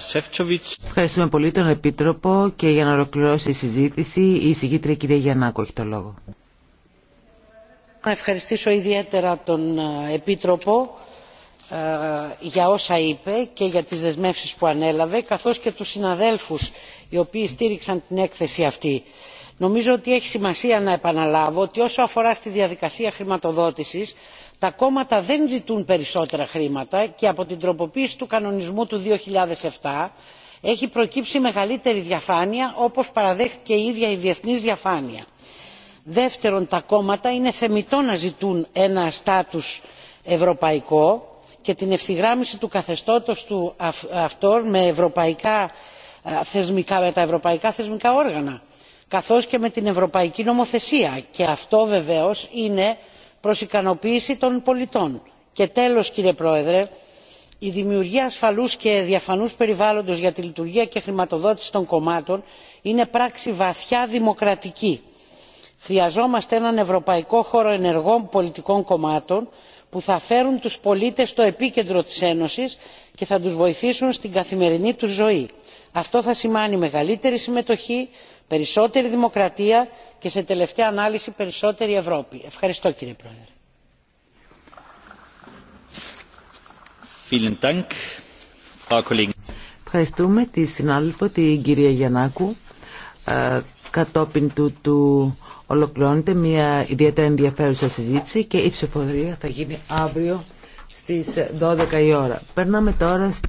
Ευχαριστούμε πολύ τον Επίτροπο και για να ολοκληρώσει η συζήτηση η εισηγήτρια κυρία Γιαννάκο έχει το λόγο. Να ευχαριστήσω ιδιαίτερα τον ε, Επίτροπο ε, για όσα είπε και για τις δεσμεύσεις που ανέλαβε καθώς και τους συναδέλφους οι οποίοι στήριξαν την έκθεση αυτή νομίζω ότι έχει σημασία να επαναλάβω ότι όσο αφορά στη διαδικασία χρηματοδότησης τα κόμματα δεν ζητούν περισσότερα χρήματα και από την τροποποίηση του κανονισμού του 2007 έχει προκύψει μεγαλύτερη διαφάνεια όπως παραδέχτηκε η ίδια η διεθνής διαφάνεια. δεύτερον τα κόμματα είναι θεμητό να ζητούν ένα στάτους ευρωπαϊκό και την ευθυγράμμιση του καθεστώτος του αυτών με τα ευρωπαϊκά θεσμικά όργανα καθώς και με την ευρωπαϊκή νομοθεσία και αυτό βεβαίως είναι προς ικανοποίηση των πολιτών. και τέλος κύριε πρόεδρε η δημιουργία ασφαλούς και διαφανούς περιβάλλοντος για τη λειτουργία και χρηματοδότηση των κομμάτων είναι πράξη βαθιά δημοκρατική. χρειαζόμαστε έναν ευρωπαϊκό χώρο ενεργών πολιτικών κομμάτων που θα φέρουν τους πολίτες στο επίκεντρο της ένωσης και θα τους βοηθήσουν στην καθημερινή τους ζωή. αυτό θα σημάνει μεγαλύτερη συμμετοχή περισσότερη δημοκρατία και σε τελευταία ανάλυση περισσότερη ευρώπη. ευχαριστώ κύριε πρόεδρε. Ευχαριστούμε τη συνάδελφο την κυρία Γιαννάκου. Ε, κατόπιν του, του ολοκληρώνεται μια ιδιαίτερα ενδιαφέρουσα συζήτηση και η ψηφοφορία θα γίνει αύριο στις 12 η ώρα. Περνάμε τώρα